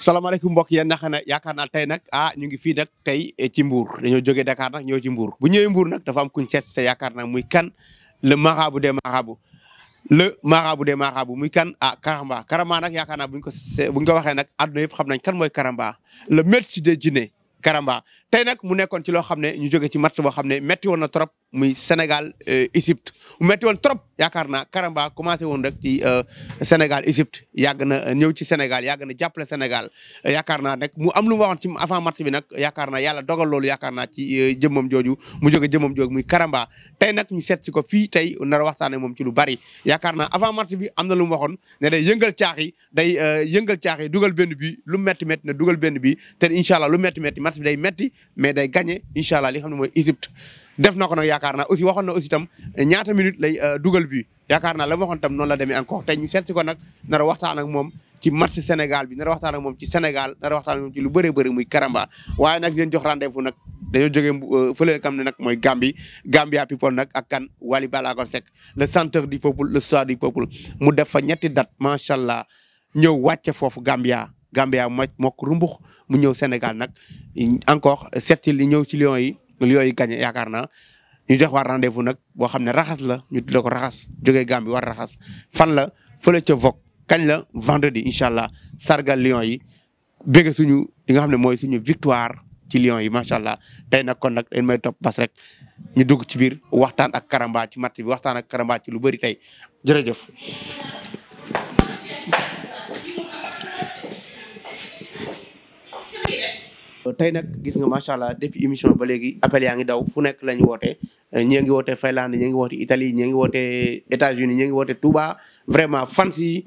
salaamaaleykum mbokk yéen naxa na yaakaar naa tey nag ah ñu ngi fii nag tey eh, ci Mbour dañoo jógee Dakar nag ñëw ci mbuur bu ñëwee Mbour nag dafa am kuñ seet sa yaakaar naa muy kan le marabout des marabouts le marabout des marabouts muy kan ah Karamba Karamba nag yaakaar naa buñ ko buñ ko waxee nag àdduna yëpp xam nañ kan mooy Karamba le maître de djinns Karamba tey nag mu nekkoon ci loo xam ne ñu jóge ci match boo xam ne métti woon na trop muy Sénégal euh, Égypte mu métti woon trop yaakaar naa Karamba commencé woon rek ci euh, Sénégal Égypte yàgg na euh, ñëw ci Sénégal yàgg na jàppale Sénégal yaakaar naa nag mu am lu mu waxoon ci avant match bi nag yaakaar naa yàlla dogal loolu yaakaar naa ci jëmmam jooju mu jóge jëmmam jooju muy Karamba tey nag ñu seet ci ko fii tey nar a waxtaane moom ci lu bari yaakaar naa avant match bi am na lu mu waxoon day yëngal caax yi day yëngal caax yi dugal benn bi lu métti met ne dugal benn bi te incha match bi metti mais day gagné incha allah li nga xam ne mooy Égypte. def na ko nag yaakaar naa aussi waxoon na aussi tam ñaata minute lay euh, dugal bi yaakaar naa la ma waxoon tam noonu la demee encore tey ñu seet si ko nar a ak moom ci match Sénégal bi nar a waxtaan ak moom ci Sénégal nar a waxtaan ak moom ci lu bëree bëri muy Karamba waaye nag leen jox rendez-vous nag dañoo jógee euh, fële kam ne nag mooy Gambie Gambia people nag ak kan Wally Ballago Seck le centre du peuple le soir du peuple mu def fa ñetti date macha allah ñëw wàcce foofu Gambia Gambia moj mook rumbux mu ñëw Sénégal nag encore seet ci li ñëw ci Lions yi Lions yi gagné yaakaar na ñu jox waa rendez-vous nag boo xam ne raxas la ñu tuddee ko raxas jógee Gambie war raxas fan la fële ca Vogue kañ la vendredi incha allah sargal Lions yi bége suñu li nga xam ne mooy suñu victoire ci lion yi macha allah tey nag kon nag dañ may topp bas rek ñu dugg ci biir waxtaan ak Karamba ci matt bi waxtaan ak Karamba ci lu bëri tey jërëjëf. tey nag gis nga macha allah depuis émission ba léegi appel yaa ngi daw fu nekk la ñu woote euh, ñii ngi woote Finlande ñii ngi woote Italie ñii woote États-Unis ñii woote Touba vraiment fans yi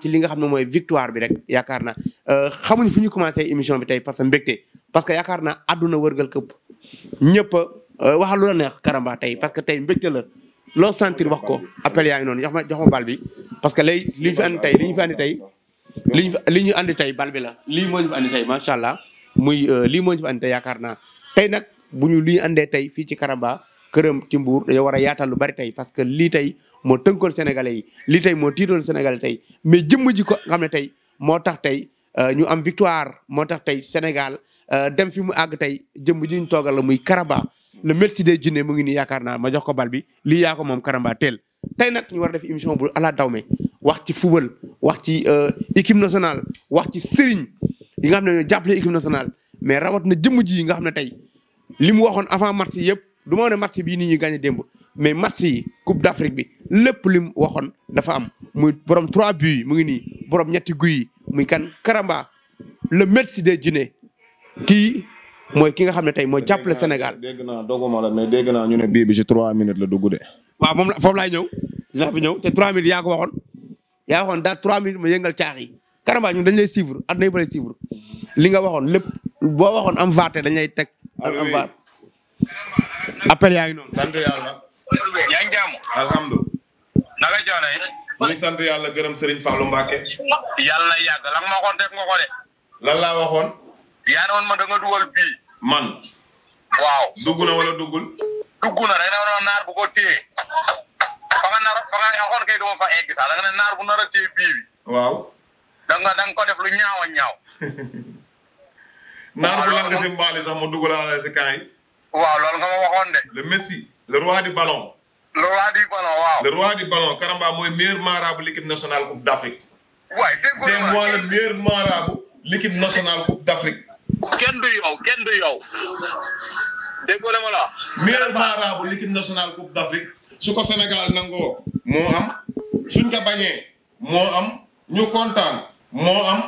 ci li nga xam ne mooy victoire bi rek yaakaar na euh, xamuñ fu ñu commencé émission bi tey parce que mbégte parce que yaakaar naa àdduna wërgal këpp ñëpp euh, waxal lu la neex Karamba tey parce que tey mbégte la loo sentir wax ko appel yaa ngi noonu jox ma jox ma bi parce que lay li ñu fi li ñu fi andi tey bi la lii moo muy euh, lii moo ñu fi andi yaakaar naa tey nag bu ñu lii andee tey fii ci Karamba këram ci mbuur dañoo war a yaatal lu bari tey parce que lii tey moo tënkoon Sénégalais yi lii tey moo tiitoon Sénégalais tey mais jëmm ji ko xam ne tey moo tax tey euh, ñu am victoire moo tax tey Sénégal euh, dem fi mu àgg tey jëmm ji toogal la muy Karamba le merci des jinne mu ngi nii yaakaar naa ma jox ko bal bi lii yaa ko moom Karamba teel tey nag ñu war a def émission bu ala dawme wax ci football wax ci équipe nationale wax ci sëriñ yi nga xam ne jàppale équipe nationale mais na jëmm ji nga xam ne tey li mu waxoon avant match yëpp du ma ne match bii nit ñi gagné démb mais match yi coupe d'Afrique bi lépp li mu waxoon dafa am muy borom trois buts mu ngi nii borom ñetti guy muy kan Karamba le Messi de Guinée kii mooy ki nga xam ne tey mooy jàppale Sénégal. dégg naa doguma ñu ne bii bi ci trois minutes la dugg de. waaw moom la foofu laay ñëw dinaa fi ñëw te trois minutes yaa ko waxoon yaa waxoon daal trois minutes ma yëngal caax yi. Karamba ñun dañ lay suivre at nay bëri li nga waxoon lépp boo waxoon am vaate dañ lay teg. am ah am vaat appel yaa ngi noonu. sant yàlla. yaa ngi jàmm. alhamdulilah. naka joonee. ñu ngi sant yàlla gërëm Serigne Fallou Mbacke. yàlla na ma waxoon def nga de. lan waxoon. yaa ne woon man da nga bii. man. waaw dugg na wala duggul. dugg na rek na naar bu ko téye. naar bu nar a bii bi. waaw. da nga da nga ko def lu ñaaw a ñaaw. naan bu lang si mbaali waaw loolu nga ma waxoon de. le Messi le roi du ballon. le roi du ballon le roi du ballon Karamba mooy meilleur marabout l'équipe nationale coupe d'Afrique. waay dégg c'est moi le meilleur marabout coupe d'Afrique. kenn du yow kenn du yow. dégg nga ma la. meilleur marabout coupe d'Afrique su Sénégal nangoo moo am suñ ko bañee moo am ñu kontaan. moo am.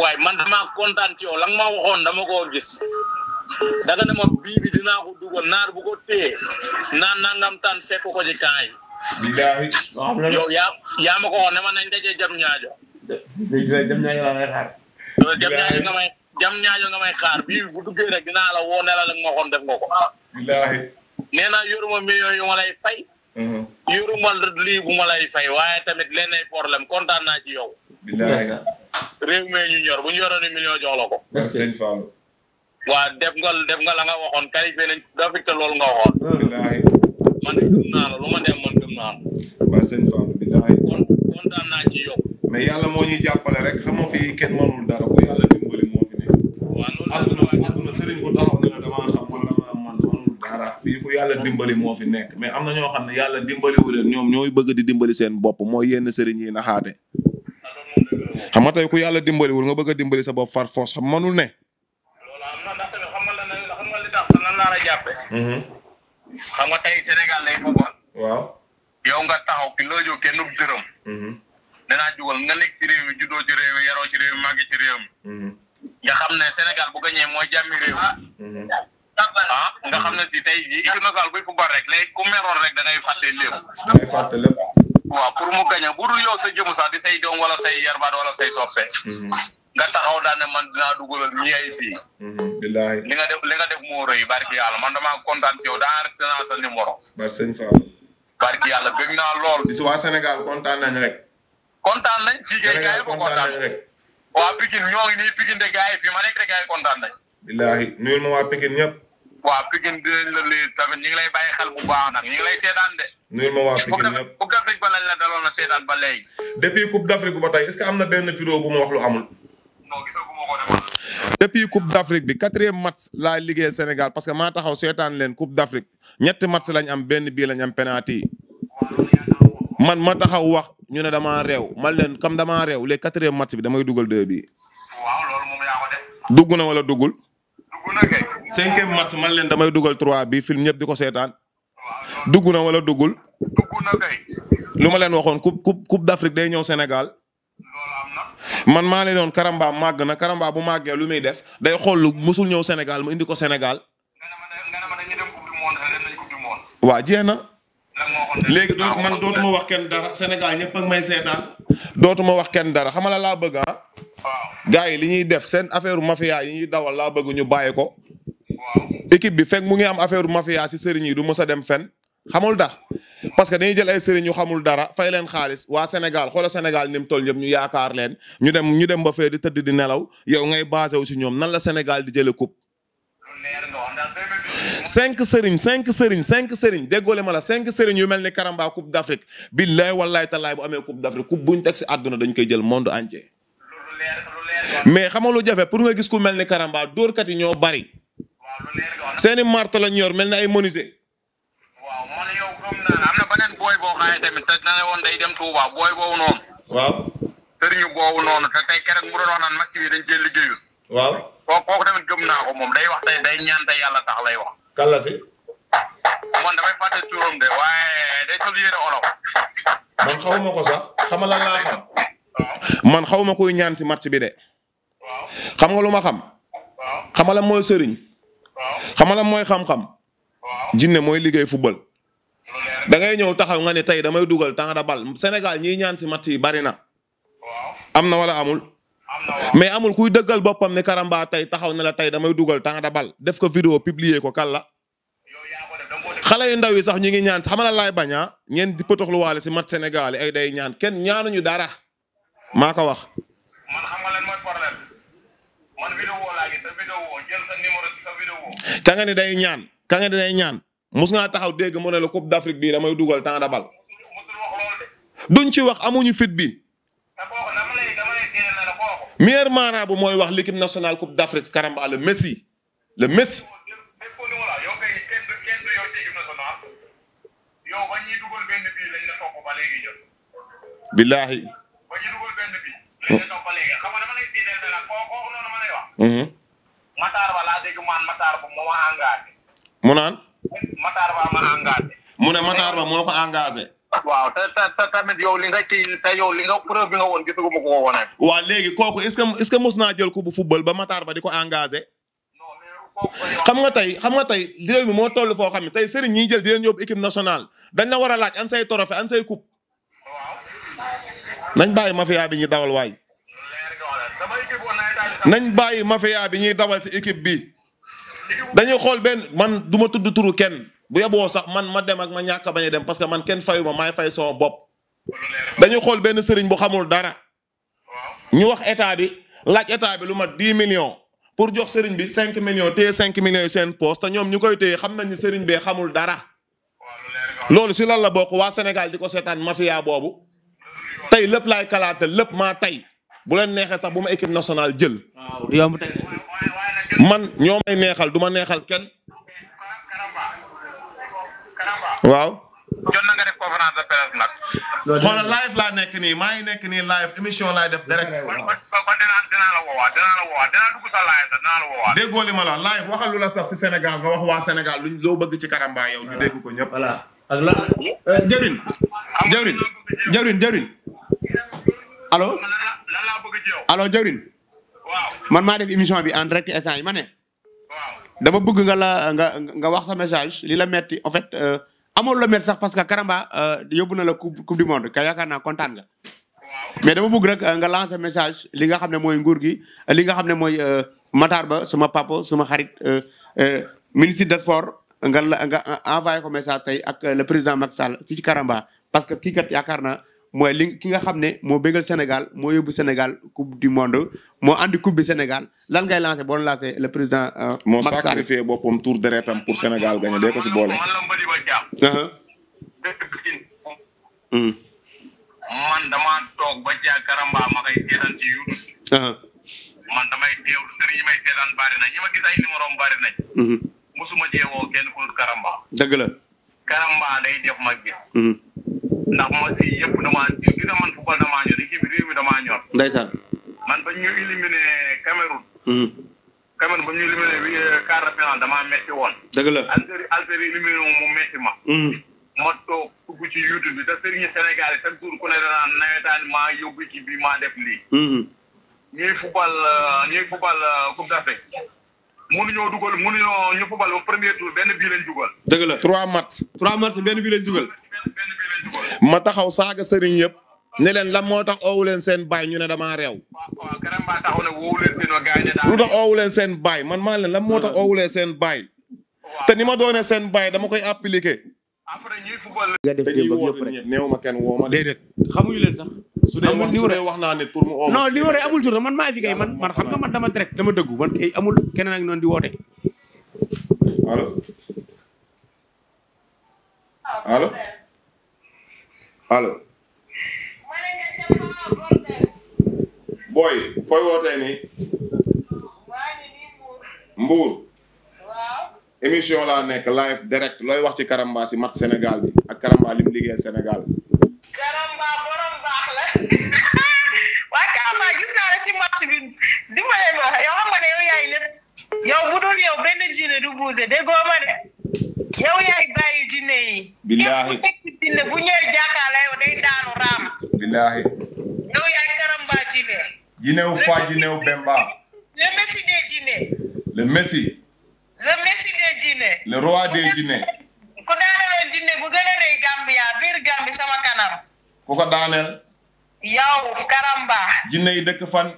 waaye man dama kontaan ci yow la nga dama ko gis. daga ne ma bii bi dinaa ko dugal naar bu ko téye naan nangam tan fekk ko ci yi. billaahi. yaa yaa ko wax ne ma nañ dajee jam ñaajo. jam ñaajo laa ngay xaar. jam ñaajo nga may jam xaar bii bu duggee rek la woo ne la def nga ko. billaahi. nee naa yoruma lay fay. Mhm. yuruma lii bu ma fay waaye tamit leen ay problème kontaan naa ci yow. bilaay. réew mi ñu ñor bu ñu yoroon million jox la ko. merci sëñ Fallou. waa def nga def nga la nga waxoon qualifié nañ dafa fekk nga waxoon. bilaay. man gëm naa lu ma dem man gëm naa la. waa sëñ Fallou naa ci yow. mais yàlla moo ñuy jàppale rek xamoo fi kenn mënul dara ku yàlla dimbali moo fi nekk. dara fii yàlla dimbali moo fi nekk mais am na ñoo xam ne yàlla dimbali wu leen ñoom ñooy bëgg di dimbali seen bopp mooy yenn sëriñ yi xam nga tey ku yàlla dimbaliwul nga bëgg a dimbali sa bopp far force xam ne. Hmm. xam nga lan la Sénégal lay football. waaw yow nga taxaw ki loo jóg kenn ku dërëm. Hmm. danaa nga nekk ci réew mi juddoo ci réew mi yaroo ci réew mi màgg ci réew mi. Hmm. nga xam ne Sénégal bu gañee mooy jàmmi réew ah nga xam ne si tey jii équipe nationale buy football rek léegi ku meroon rek da ngay fàtte lépp. da ngay fàtte lépp. waaw pour mu gañ a bu dul yow sa jëmu sax di say doom wala say yarbaat wala say soppe. Mm-hmm. nga taxaw daal ne man dinaa dugalal ñi ay bii. Mm-hmm. bilaay li nga def li nga def moo rëy barki yàlla man damaa a ci yow daa arrêté naa sa numéro. bari sëñ Fall. barki yàlla bëgg naa lool. bis waa Sénégal kontaan nañ rek. kontaan nañ. Sénégal kontaan nañ rek waa Pikine ñoo ngi nii Pikine de gars fi ma nekk de gars yi waa Pikine dinañ la ngi lay bàyyi xel bu baax nag ñu ngi lay seetaan de. nuyu ma waa Pikine ba lañ est-ce que am na benn vidéo bu ma wax lu amul. non gisaguma bi quatrième match laa liggéey Sénégal parce que maa taxaw seetaan leen Coupe d'Afrique ñetti match lañ am benn bii lañ am penalty man ma taxaw wax ñu ne dama réew man leen comme damaa réew les quatrième match bi damay dugal deux bii. waaw na wala duggul. dugg cinquième mars man leen damay dugal trois bi film ñëpp di ko seetaan dugg na wala duggul. lu ma leen waxoon coupe coupe coupe d'Afrique day ñëw Sénégal. man maa leen doon Karamba màgg na Karamba bu màggee lu muy def day xool lu musul ñëw Sénégal mu indi ko Sénégal. waa jeex na. léegi donc man dootuma wax kenn dara Sénégal ñëpp ak may seetaan dootuma wax kenn dara xamala laa bëgg ah. gars yi li ñuy def seen affaire mafia yi ñuy dawal laa bëgg ñu bàyyi ko. équipe bi fekk mu ngi am affaire mafia si sëriñ yi du mës a dem fen xamul tax parce que dañuy jël ay sëriñ yu xamul dara fay leen xaalis waa Sénégal xoola Sénégal ni mu toll ñëpp ñu yaakaar leen ñu dem ñu dem ba fee di tëdd di nelaw yow ngay basé wu si ñoom nan la Sénégal di jëlee coupe. cinq sëriñ cinq sëriñ cinq sëriñ déggoole ma la cinq sëriñ yu mel ni Karamba coupe d'Afrique billaay wallaay tallaay bu amee coupe d'Afrique bu ñu teg si àdduna dañ koy jël monde entier. mais xamal lu jafe pour nga gis ku mel ni Karamba dóorkat yi ñoo bari seeni marto lañ yor mel na ay menuisier. waaw man yow gëm naa am na beneen booy boo xam ne tamit woon day dem Touba booy boobu noonu. waaw. sëriñu boobu noonu te tey keroog mu doon naan maxime yi dañ cee liggéeyul. waaw kooku kooku tamit day wax tey day ñaan yàlla tax lay wax. kan la si. man damay fàtte de waaye day sol yére man xaw ma ko sax man xaw ma ñaan si match bi de. waaw xam nga lu ma xam. waaw xamala mooy sëriñ. xam nga lan mooy xam-xam. jinne mooy liggéey football. dangay ñëw taxaw nga ne tey damay dugal temps de balle Sénégal ñiy ñaan si match yi bari na. am na wala amul. mais amul kuy dëggal boppam ne Karamba tey taxaw na la tey damay dugal temps de balle def ko vidéo publier ko kalla xale yu ndaw yi sax ñu ngi ñaan xamal lay bañ a ah? ñeen di potoxluwaale si mat Sénégal ay day ñaan kenn ñaanuñu dara maa ko wax. ka day ñaan ka nga ne day ñaan mus ngaa taxaw dégg mu ne la Coupe d'Afrique bii damay dugal temps de balle ci wax amuñu fit bi. meilleur marabout mooy wax l'équipe national Coupe d'Afrique Karamba le Messi le Messi. billaahi. Matar ba laa dégg mu naan Matar ba moo ma engagé. mu naan. Matar ba ma engagé. mu ne waaw te te tamit yow li nga ci yow li nga preuve bi nga woon gisagu ma ko woon waaw léegi kooku est ce que mos naa jël ko bu football ba Matar ba di ko engagé. xam nga tey xam nga tey réew mi moo toll foo xam ne tey sëriñ ñiy jël di leen yóbbu national nationale dañ la war a laaj an say trophée an say coupe. nañ bàyyi mafia bi ñu dawal waay. nañ bàyyi mafia bi ñuy dawal si équipe bi dañuy xool benn man du ma tudd turu kenn bu yeboo sax man ma dem ak ma ñàkk bañ dem parce que man kenn fayu ma maay fay sama bopp. dañuy xool benn sëriñ bu xamul dara ñu wax état bi laaj état bi lu ma di million pour jox sëriñ bi 5 millions téye cinq millions yu seen poste te ñoom ñu koy téye xam nañ ni sëriñ bee xamul dara. loolu si lan la bokk waa Sénégal di ko seetaan mafia boobu tey lépp laay kalaatal lépp maa tey. bu leen neexee sax bu ma équipe nationale jël. man ñoo neexal du ma neexal kenn. waaw. jot na nga def conférence live laa nekk nii maa ngi nekk nii live émission def direct. kon la woowaat dinaa sax dinaa la woowaat. déggoo saf si Sénégal nga wax waa Sénégal luñ bëgg ci Karamba yow ñu dégg ko ñëpp. alo lan laa man maa def émission bi en direct instant yi ma ne dama bëgg nga la nga nga wax sa message lii la metti en fait euh, amoon la metti sax parce que Karamba euh, yóbbu na la coupe du monde ka yaakaar naa kontaan nga mais dama bëgg rek euh, nga lancer message li nga xam ne mooy nguur gi li nga xam ne mooy Matar Ba suma papa suma xarit ministre des sports nga la nga envoyé ko message tey ak le président Macky Sall ci Karamba parce que kii kat yaakaar naa mooy li ki nga xam ne moo bégal Sénégal moo yóbbu Sénégal coupe du monde moo andi coupe bi Sénégal lan ngay lancé boo lancé le président. Euh, moo sacrifié boppam tour deretam pour Sénégal gagné dee ko si boole. Uh-huh. Mm. man damaa toog ba ca Karamba ma koy seetaan ci YouTube. Uh-huh. man damay teewlu sëriñ yi may seetaan bari na ma gis ay numéro am bari nañ. Mm-hmm. mosuma jeewoo kenn ku dul Karamba. karamba day def ma gis. Hmm. ndax ma si yëpp damaa gis man football damaa ñor équipe bi réew mi damaa ñor. ndeysaan. man ba ñu éliminé Cameroun. Hmm. Cameroun ba ñu éliminé euh, quart de finale damaa metti woon. dëgg la Algérie Algérie éliminé mu metti ma. Hmm. ma toog dugg ci YouTube bi te sëriñu Sénégal yi chaque ku ne danaan nawetaan maa yóbbu équipe bi maa def lii. ñuy football euh, ñuy football euh, Coupe mënuñoo dugal mënuñoo ñu fubal ba premier tour benn bii lañ dugal. dëgg la trois matchs. trois matchs taxaw saaga sëriñ yëpp. ne leen lan moo tax oowu leen seen baay ñu ne damaa réew. lu tax oowu seen baay man maa leen lan moo tax oowu seen baay. te ni ma doone seen baay dama koy appliquer. après ñuy football ma kenn woo ma déedéet xamuñu leen sax su dee wax su dee wax naa ne pour mu oo non li war amul tur man maa fi kay man man xam nga man dama direct dama dëggu man kay amul keneen ak noonu di woote allo booy fooy wootee nii mbuur émission la nekk live direct looy wax ci Karamba si match Sénégal bi ak Karamba li mu liggéeyal Sénégal. Karamba borom baax la waaye gis naa la ci bi dimbale ma yow xam nga ne yow yaay lépp yow bu dul yow du bougé de yow yaay bàyyi jinne yi. billaahi képp ku nekk jinne bu ñëwee jàkkaarloo yow day raam. billaahi. yow yaay Karamba jinne. jinne wu Fa jinne wu Bemba. le messi des jinne. le messi. le messie des djinne. le roi des djinne. ku daaneel jinne bu gën a biir Gambi sama kanam. ku ko daaneel. yow Karamba. jinne yi dëkk fan.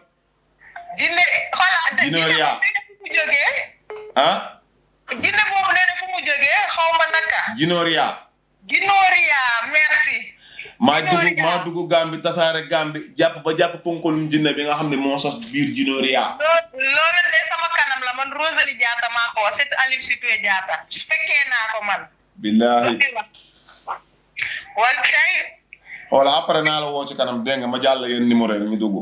jinne xoolal. jinne yaa jinne boobu nee fu mu jógee ah? xaw ma naka. jinne yaa. jinne yaa merci. maa dugg maa dugg Gàmbi tasaare Gàmbi jàpp ba jàpp ponkolum jinne bi nga xam ne moo sax biir Jinoria. loolu de sama kanam la man Rosalie Diatta maa ko wax c'est Aliou Sitoé Diatta fekkee naa ko man. billaahi. walkay. voilà après naa la woo ci kanam dégg ma jàll yéen numéro yi ñu dugg.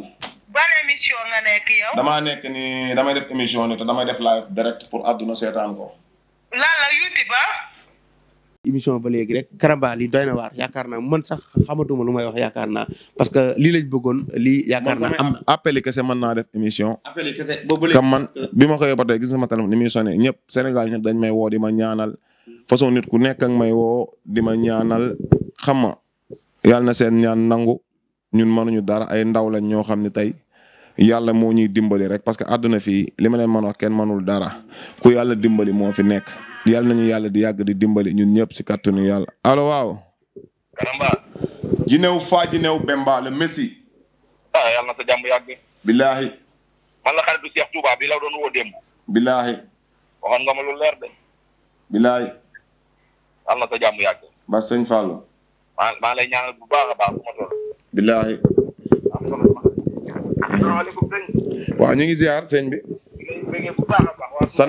ban émission nga nekk yow. damaa nekk ni damay def émission ni te damay def live direct pour àdduna seetaan ko. lan la YouTube ah. émission ba léegi rek karambal yi doy na waar yaakaar naa man sax xamatuma lu may wax yaakaar naa parce que lii lañ bëggoon li yaakaar naa am appel kese man naa def émission boobu kam man bi ma xëyee ba tey gis na ni muy sonné ñëpp Sénégal ñëpp dañ may woo di ma ñaanal façon nit ku nekk ak may woo di ma ñaanal xam ma yàlla na seen ñaan nangu ñun mënuñu dara ay ndaw lañ ñoo xam ne tey yàlla moo ñuy dimbali rek parce que àdduna fii li ma leen mën wax kenn mënul dara ku yàlla dimbali moo fi nekk yàlla nañu yàlla di yàgg di dimbali ñun ñëpp si kàttanu yàlla alo waaw. Karamba. Jinew Fa Jinew Bemba le Messi. ah na sa jàmm yàgg. bilaahi. man la xaritu Cheikh Touba bi la doon woo démb. bilaahi. waxoon nga ma lu leer de. bilaahi. na sa jàmm yàgg. ba sëñ Fallou. maa lay ñaanal bu baax a baax bu ma toll. bilaahi. salaamaaleykum waaw ñu ngi ziar sëñ bi. bu baax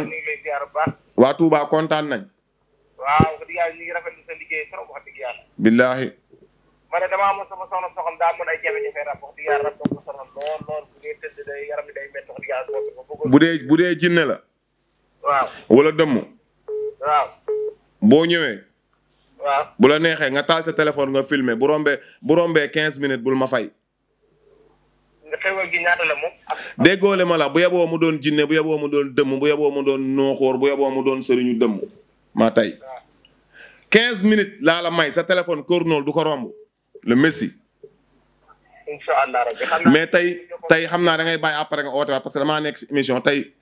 a baax. kontaan nañ. waaw wax billaahi. bu dee tëdd la. wala dëmm. boo ñëwee. waaw bu la neexee nga taal sa téléphone nga filmer bu rombee bu rombee quinze minutes bul ma fay. xewal gi ma la bu yeboo mu doon jinne bu yeboo mu doon dëmm bu yeboo mu doon nooxoor bu yeboo mu doon sëriñu dëmm maa tey. 15 minutes laa la may sa téléphone cornol du ko romb le messi. mais tey tey xam naa da ngay bàyyi après nga parce que damaa nekk si émission tey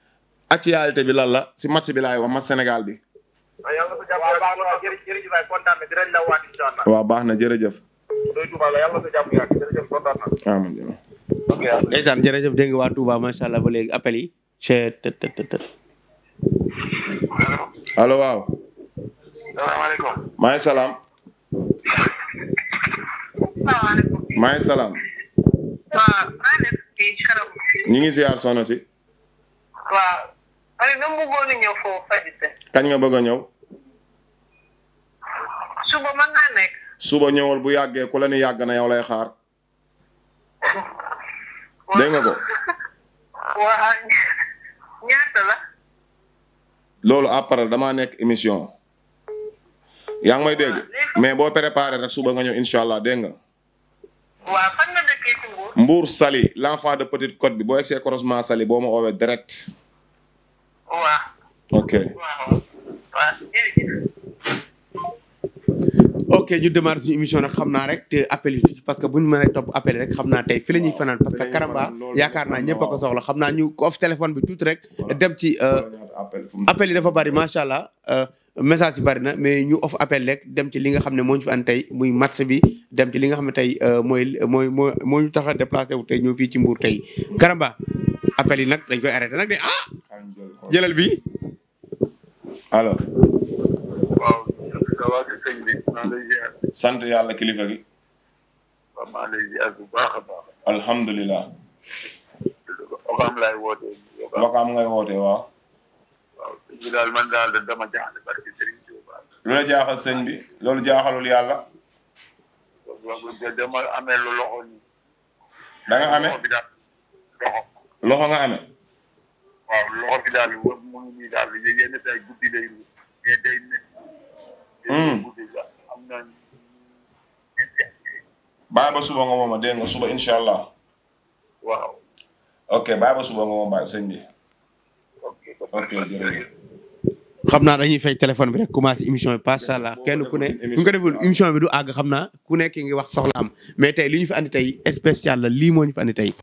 actualité bi lan la si match bi laay wax match Sénégal bi. Ah, waaw na jërëjëf. baax na jërëjëf. ok ndeysaan jërëjëf dégg nga waa Touba macha allah ba léegi appel yi. chet tët waaw. salaamaaleykum. salaam. maaleykum salaam. waaw maa ngi def ci ñu ngi ziar soxna si. waaw. man de bëggoon ñëw foofu Fadite. kañ nga bëgg a ñëw. suba mën bu yàggee ku la ni yàgg na lay xaar. dégg nga ko. la. loolu après damaa nekk émission. yaa ngi may dégg ah, mais boo préparé rek suba nga ñëw incha allah dégg nga. waaw Mbour. Mbour Saly l'enfant de Petite Côte bi boo egsee croisement Saly boo ma oowee direct. waaw. ok. ok ñu démarrer suñu émission nag xam na rek te appel yi parce que bu ñu mënee topp appel rek xam naa tey fi la ñuy fanaan parce que Karamba yaakaar naa ko soxla xam naa ñu rek dem ci euh, appel yi bari macha allah euh, message yi bari na mais ñu off appel rek dem ci li nga xam ne moo fi an tey muy match bi dem ci li nga xam ne tey euh, mooy mooy moo moo ñu tax a wu tey ñëw fii ci Mbour tey Karamba appel yi nag dañ koy arrêté nag de ah jëlal bi alors naka sant yàlla kilifa gi. waaw maa ngi lay dama jaaxle barke Serigne Touba. lu la jaaxal sëñ bi loolu jaaxalul yàlla. dama amee loxo nga amee loxo bi daal yenn saa guddi day day bàyyi mm. ba suba nga a dégg nga suba incha allah. waaw. ok bàyyi ba suba nga moom bàyyi sëñ bi. ok jërëjëf. xam naa dañuy fay téléphone bi rek commencé émission bi macha allah kenn ku ne ñu bi du àgg xam naa ku nekk ngi wax soxla mais tey li ñu fi andi tey spécial la lii fi andi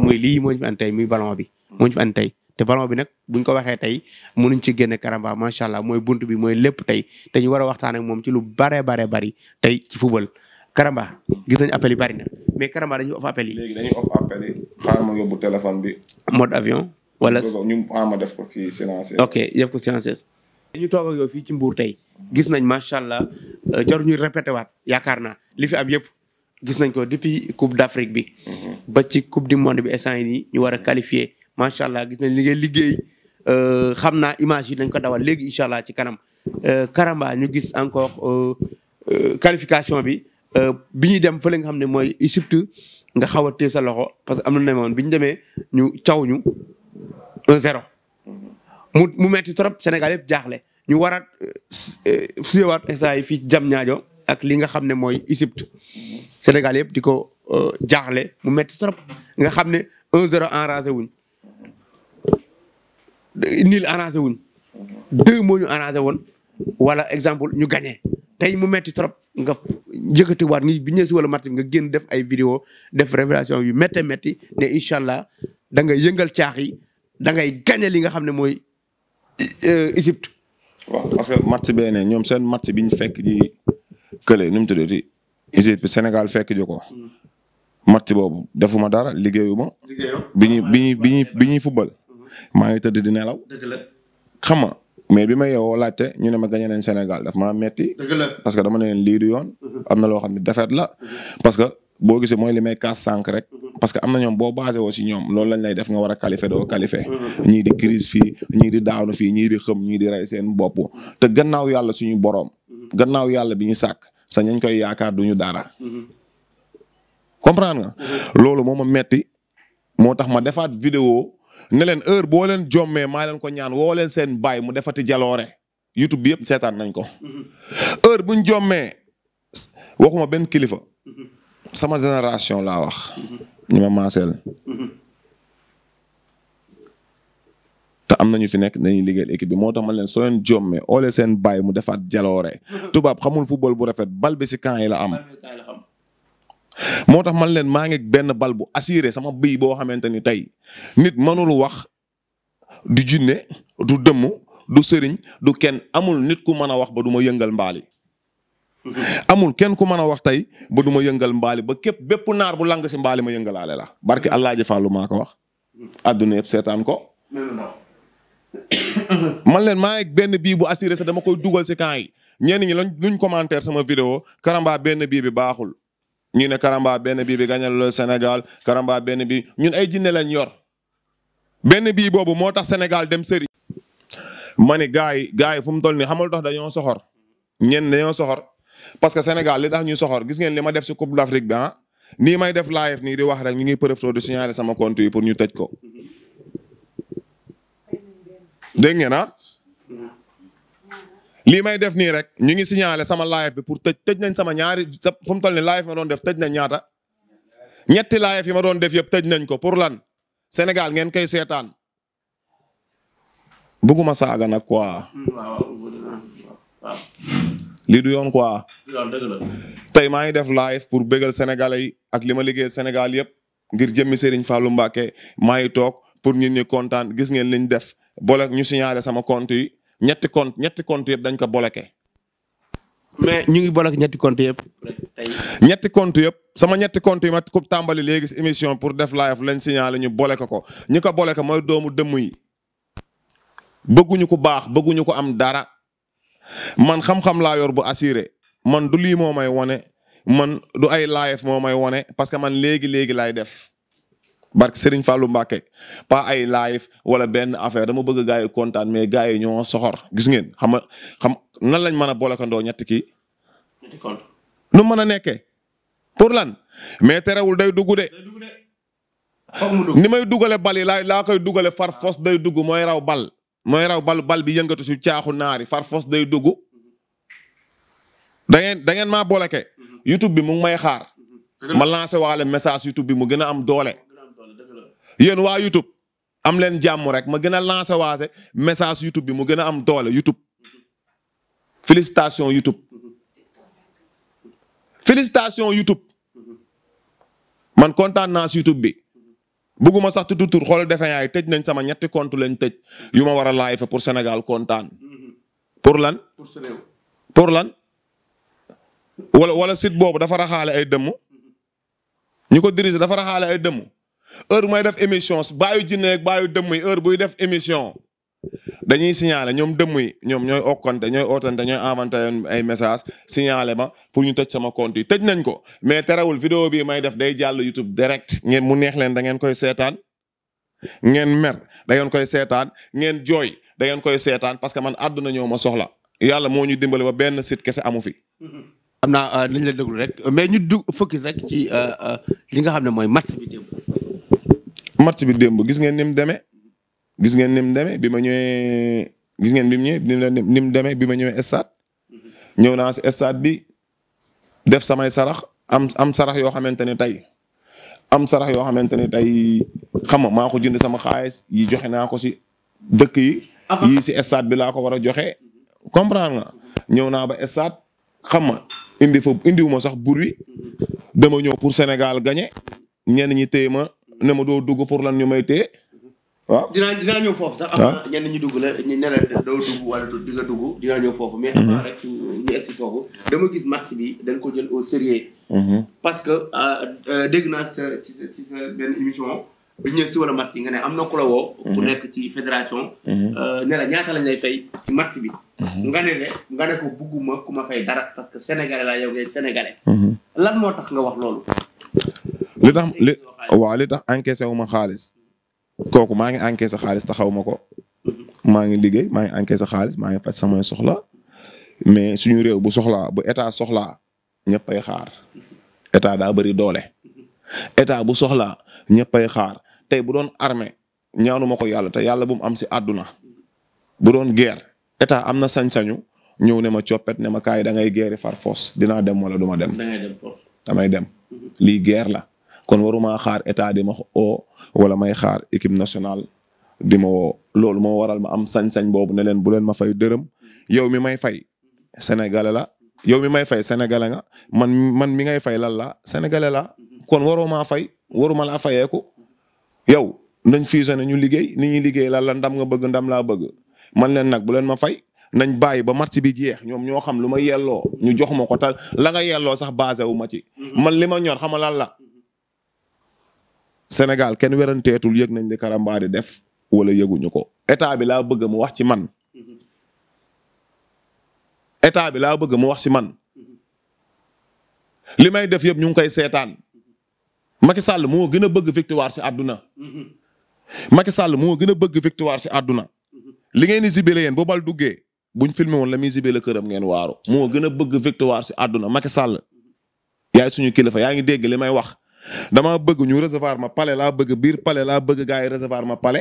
muy lii moo fi andi muy ballon bi moo fi andi te bi nag buñ ko waxee tey mënuñ ci génne Karamba macha allah mooy bunt bi mooy lépp tey te ñu war waxtaan ak moom ci lu bare bare bari tey ci football Karamba gis nañ appel yi bari na mais Karamba dañuy off appel yi. léegi dañuy off appel yi xaaral ma yóbbu téléphone bi. mode avion. wala ñu ama ah, def ko ci silence. ok def ko silence. ñu toog ak ci Mbour tey gis nañ macha allah euh, jarul ñuy répété waat yaakaar naa li fi am yëpp gis nañ ko depuis coupe d' bi. Mhm. ba ci coupe du monde bi instant yii ñu war a qualifié. macha allah gis nañ liggéey ngay liggéey euh, xam naa image yi nañ ko dawal léegi incha allah ci kanam euh, Karamba ñu gis encore euh, qualification bi bi ñuy dem fële nga xam ne mooy Égypte nga xaw a téye sa loxo parce que am na ne moon ñu demee ñu caw ñu 1 mu mu metti trop Sénégal yëpp jaaxle ñu war a suyewaat instant yi fii jam ñaajo ak li nga xam ne mooy Égypte Sénégal yëpp di ko jaaxle mu metti trop nga xam ne 1-0 enragé wuñ niil arrangé wuñ deux moo ñu arrangé woon wala exemple ñu gañe tey mu metti trop nga yëkkatiwaat ni bi ñëwee wala match nga génn def ay vidéo def révélation yu méttee métti ne incha allah da ngay yëngal caax yi da ngay gagné li nga xam ne mooy euh, Égypte. waaw parce que match bee ñoom seen match bi ñu fekk ji kële nu mu tuddati Égypte Sénégal fekk ji ko. Mm. match boobu defuma dara liggéeyuma. bi ñuy bi maa ngi tëdd di nelaw. dëgg xam nga mais bi ma yeewoo laajte ñu ne ma gagné nañ Sénégal daf maa metti parce que dama ne leen lii du yoon. Mhm. am na loo xam ne défaite la. Mhm. parce que boo gisee mooy li may kaas sànq rek. Mhm. parce que am na ñoom boo basé woo si ñoom loolu lañ lay def nga war a qualifié doo qualifié. ñii di crise fii ñii di daanu fii ñii di xëm ñii di rey seen bopp. te gannaaw yàlla suñu boroom. gannaaw yàlla bi ñu sàkk sa ñañ koy yaakaar duñu dara. comprendre nga. loolu ma metti moo tax ma defaat ne leen heure boo leen jommee maa leen ko ñaan woo leen seen baay mu defati jaloore YouTube bi yëpp seetaan nañ ko. Mhm. heure buñ jommee waxuma benn kilifa. Mhm. sama génération laa wax. Mhm. ñu ma maaseel. te am na ñu fi nekk ñu liggéeyal équipe bi moo tax ma leen soo leen jommee oole seen baay mu defaat jaloore. tubaab xamul football bu rafet bal bi si camp la am. moo tax man leen maa ngi benn bal bu assuré sama béy boo xamante ni tey nit mënul wax du jinne du dëmm du sëriñ du kenn amul nit ku mën a wax ba du ma yëngal mbaali amul kenn ku mën a wax tey ba du ma yëngal mbaali ba képp bépp naar bu lang si mbaali ma yëngalaale la barke allah ji fàllu maa ko wax àdduna yëpp seetaan ko man leen maa ngi benn bii bu assuré te dama koy dugal si camp yi ñenn ñi lañ luñ commentaire sama vidéo karamba benn bii bi baaxul ñu ne Karamba benn bii bi gañal la Sénégal Karamba benn bi ñun ay jinne lañ yor benn bii boobu moo tax Sénégal dem sëri ma ni gars yi gars yi fu mu toll nii xamul tax dañoo soxor ñen dañoo soxor parce que Sénégal li tax ñuy soxor gis ngeen li ma def si Coupe d'Afrique bi ah nii may def live nii di wax rek ñu ngi profité di signaler sama compte yi pour ñu tëj ko dégg ah? lii may def nii rek ñu ngi signaler sama live bi pour tëj tëj nañ sama ñaari sa fu mu toll ma doon def tëj nañ ñaata ñetti live yi ma doon def yëpp tëj nañ ko pour lan Sénégal ngeen koy seetaan bëgguma saaga nag quoi. lii du yoon quoi. tey maa ngi def live pour bégal sénégalais ak li ma liggéey Sénégal yëpp ngir jëmmi Serigne Fallou Mbacké maa ngi toog pour ñun ñu kontaan gis ngeen liñ def boole ñu signaler sama compte ñetti compte ñetti cont yëpp dañ ko bloqué. mais ñu ngi bloqué ñetti cont yëpp. ñetti compte yëpp sama ñetti compte yi ma ko tàmbali léegi si émission pour def live lañ signalé ñu bloqué ko ñu ko bloqué mooy doomu dëmm yi. bëgguñu ko baax bëgguñu ko am dara man xam-xam laa yor bu assuré man du lii moo may wone man du ay live moo may wone parce que man léegi léegi laay def. barke Serigne Fallou Mbacke pas ay live wala benn affaire dama bëgg gars yi kontaan mais gars yi ñoo soxor gis ngeen xam nga xam nan lañ mën a boolekandoo ñetti kii. ñetti compte nu mën a nekkee pour lan mais terewul day dugg de. ni may dugale bal yi laa laa koy dugale far fos day dugg mooy raw bal mooy raw bal bal bi yëngatu si caaxu naari far fos day dugg da ngeen da ngeen maa booleke. Mm-hmm. YouTube bi mu may xaar. Mm-hmm. ma lancé waale message YouTube bi mu gën a am doole. yéen waa YouTube am leen jàmm rek ma gën a lancer waase message YouTube bi mu gën am doole YouTube félicitation YouTube félicitation YouTube man kontaan naa si YouTube bi bugguma sax tudd tur xool defe yaay tëj nañ sama ñetti compte lañ tëj yu ma war a laay fa pour Sénégal kontaan pour lan. pour lan wala wala site boobu dafa xaale ay dëmmu ñu ko dirige dafa xaale ay dëmmu heure bu may def émission baayu jinne ak baayu dëmm yi heure buy def émission dañuy signaler ñoom dëmm yi ñoom ñooy okkante ñooy ootante ñooy inventé ay message signaler ma pour ñu tëj sama compte yi tëj nañ ko mais terewul vidéo bi may def day jàll YouTube direct ngeen mu neex leen da ngeen koy seetaan ngeen mer da ngeen koy seetaan ngeen jooy da ngeen koy seetaan parce que man àdduna ñoo ma soxla yàlla moo ñu dimbali ba benn sit kese amu fi. am naa nañ euh, la déglu rek mais ñu dugg focus rek ci euh, euh, li nga xam ne mooy match match bi démb gis ngeen ni mu demee gis ngeen ni mu bi ma ñëwee gis ngeen bi mu ñëwee ni mu demee bi ma ñëwee stade mhm. ñëw naa si stade bi def samay sarax am am sarax yoo xamante ne tey am sarax yoo xamante ne tey xam nga maa ko jënd sama xaalis yi joxe naa ko si dëkk yi. yii si stade bi laa ko war a joxe. comprendre nga mhm. ñëw naa ba stade xam nga indi fa indiwuma sax bur wi mhm. dama ñëw pour Sénégal gagné ñenn ñi téye ne ma doo dugg pour lan ñu may téye waaw dinaa dinaa ñëw foofu sax. waaw ñenn ñi dugg la ñu ne la doo dugg wala di nga dugg dinaa ñëw foofu. mais mhm. avant rek ñu egg foofu. dama gis match bi dañ ko jël au sérieux. Mhm. parce que euh, euh, dégg naa sa ci sa nga ne am na ku la mhm. nekk ci fédération. Euh, ne ñaata lañ lay fay ci bi. nga ne de nga ne ko bugguma ku ma fay dara parce que sénégalais laa yow ngay lan moo tax nga wax loolu. li tax li waaw li tax encaissé wu ma xaalis kooku maa ngi encaissé xaalis taxaw ma ko maa ngi liggéey maa ngi encaissé xaalis maa ngi faj samay soxla mais suñu réew bu soxla bu état soxlaa ñëppay xaar état daa bëri doole état bu soxlaa ñëppay xaar tey bu doon armée ñaanu ma ko yàlla te yàlla bu mu am si àdduna bu doon guerre état am na sañ-sañu ñëw ne ma coppet ne ma kaay dangay ngay guerre far force dinaa dem wala duma dem. da ngay damay dem lii guerre la. kon waruma xaar état di ma wala may xaar équipe nationale di ma loolu moo waral ma am sañ-sañ boobu ne leen bu leen ma fay dërëm yow mi may fay sénégalais la yow mi may fay sénégalais nga man man mi ngay fay lan la sénégalais kon waroo maa fay waruma laa fayeeku yow nañ fusionné ñu liggéey ni ñuy liggéey lan la ndam nga bëgg ndam laa bëgg man leen nag bu leen ma fay nañ bàyyi ba match bi jeex ñoom ñoo xam lu ma yelloo ñu joxuma ma ko tal la yelloo sax basé wu ma ci mm-hmm. man li ma ñor xam Sénégal kenn weranteetul yëg nañ di Karamba di def wala yëguñu ko état bi laa bëgg mu wax ci man état bi laa bëgg mu wax ci man li may def yëpp ñu ngi koy seetaan Macky Sall moo gën a bëgg victoire ci àdduna Macky Sall moo gën a bëgg victoire ci àdduna li ngeen di zibeele yéen bu bal duggee buñ filmé woon la muy zibeele këram ngeen waaru moo gën a bëgg victoire ci àdduna Macky Sall yaay suñu kilifa yaa ngi dégg li may wax dama bëgg ñu recevoir ma palais laa bëgg biir palais laa bëgg gars yi recevoir ma pale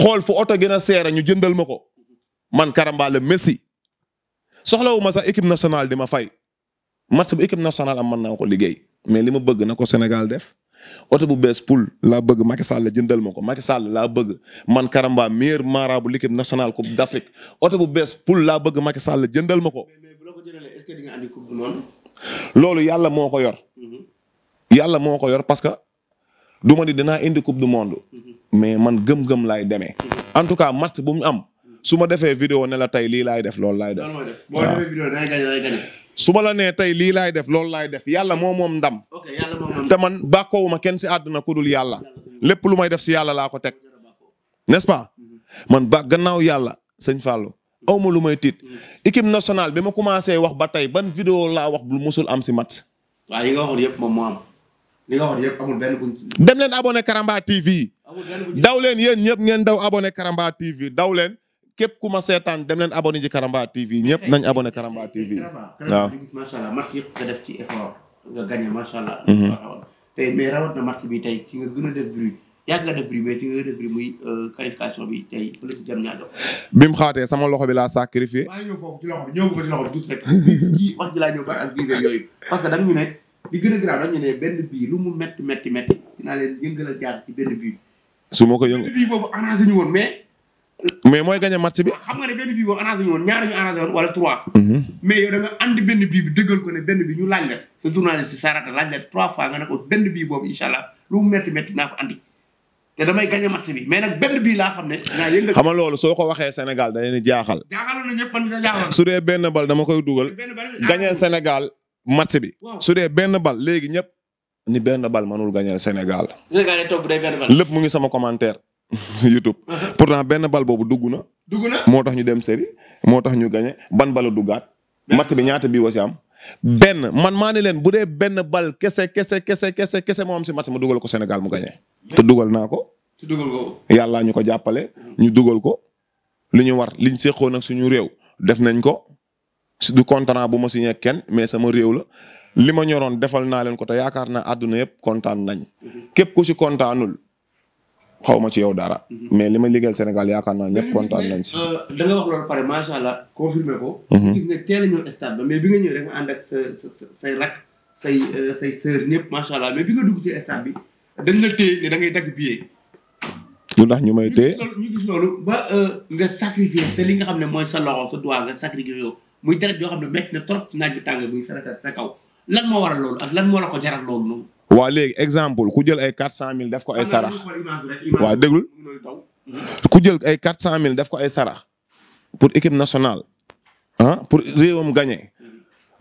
xool fu oto gën a seere ñu jëndal ma ko man Karambale Messi soxlawu ma sax équipe nationale di ma fay match bu équipe nationale am mën naa ko liggéey mais li ma bëgg na ko Sénégal def oto bu bees poul laa bëgg Macky Sall la jëndal ma ko Macky Sall laa bëgg man Karamba meilleur marabout l'équipe nationale coupe d'Afrique oto bu bees poul laa bëgg Macky Sall la jëndal ma ko. mais bu la ko jëndalee loolu yàlla moo ko yor. yàlla moo ko yor parce que du ma ni dinaa indi coupe du monde mais man gëm-gëm laay demee en tout cas match bu mu am suma defee vidéo ne la tey lii laay def loolu laay def su ma la nee tey lii laay def loolu laay def yàlla moo moom ndam te man bàkkoowuma kenn si àdduna ku yàlla lépp lu may def si yàlla laa ko teg nest pas man ba gannaaw yàlla sëñ Fallou aw lu may tiit équipe nationale bi ma commencé wax ba tey ban video laa wax lu musul am si match waaw yi li nga wax yëpp amul dem leen abonné Karamba TV. daw leen yéen ñëpp ngeen daw abonné Karamba TV daw leen képp ku ma seetaan dem leen abonné ji Karamba TV ñëpp nañ abonné Karamba TV. waaw macha allah match yëpp nga def ci effort mhm. mais rawat bi tey ci nga gën muy euh, qualification bi tey fële si jam sama loxo bi laa sacrifié. maa ngi ñëw yooyu parce que da nga ne. li gën a garaaw dañu ne benn bii lu mu a jaar ci benn bii. ñu woon mais. mais mooy gagné match bi. xam nga benn bii boobu woon ñaar ñu wala trois. Mhm. mais andi benn bii bi dëggal ko ne benn bi ñu laaj la. sa la trois fois benn bii boobu incha allah lu mu metti metti naa ko andi. te damay gagné match bi mais nag benn bii laa xam ne. naa yëngal xam loolu soo ko waxee Sénégal da leen jaaxal. jaaxaloon na ñëpp man dina jaaxal. su dee benn bal dama koy dugal. benn bal ah, gagné Sénégal match bi. su dee benn bal léegi ñëpp. ni benn bal manul gagner Sénégal. lépp mu ngi sama commentaire. YouTube uh-huh. pourtant benn bal boobu dugg na. dugg na moo tax ñu dem série moo tax ñu gagner ban balu duggaat. match bi ñaata bii wa si am. benn man maa ne leen bu dee benn bal kese kese kese kese kese moo am si match ma dugal ko Sénégal mu gagner. te dugal naa ko. te dugal ko yàlla ñu ko jàppale. Mm-hmm. ñu dugal ko. li ñu war liñ séqoon ak suñu réew def nañ ko. du contrat bu ma signé kenn mais sama réew la li ma ñoroon defal naa leen ko te yaakaar naa àdduna yëpp kontaan nañ képp ku si kontaanul xaw ma ci yow dara. mais li ma liggéeyal Sénégal yaakaar naa ñëpp kontaan nañ si. Euh, da nga wax loolu pare macha mhm. a ñëw stade ba mais bi nga ñëw da dugg ci stade bi dañ la ne da ñu may euh, nga sacrifier sa xam ne mooy sa muy deret yoo ne métti lan moo waral loolu lan moo la ko jaral loolu léegi exemple ku jël ay quatre cent mille def ko ay sarax waa déglul ku jël ay quatre cent mille def ko ay sarax pour équipe nationale ah pour réewam gagné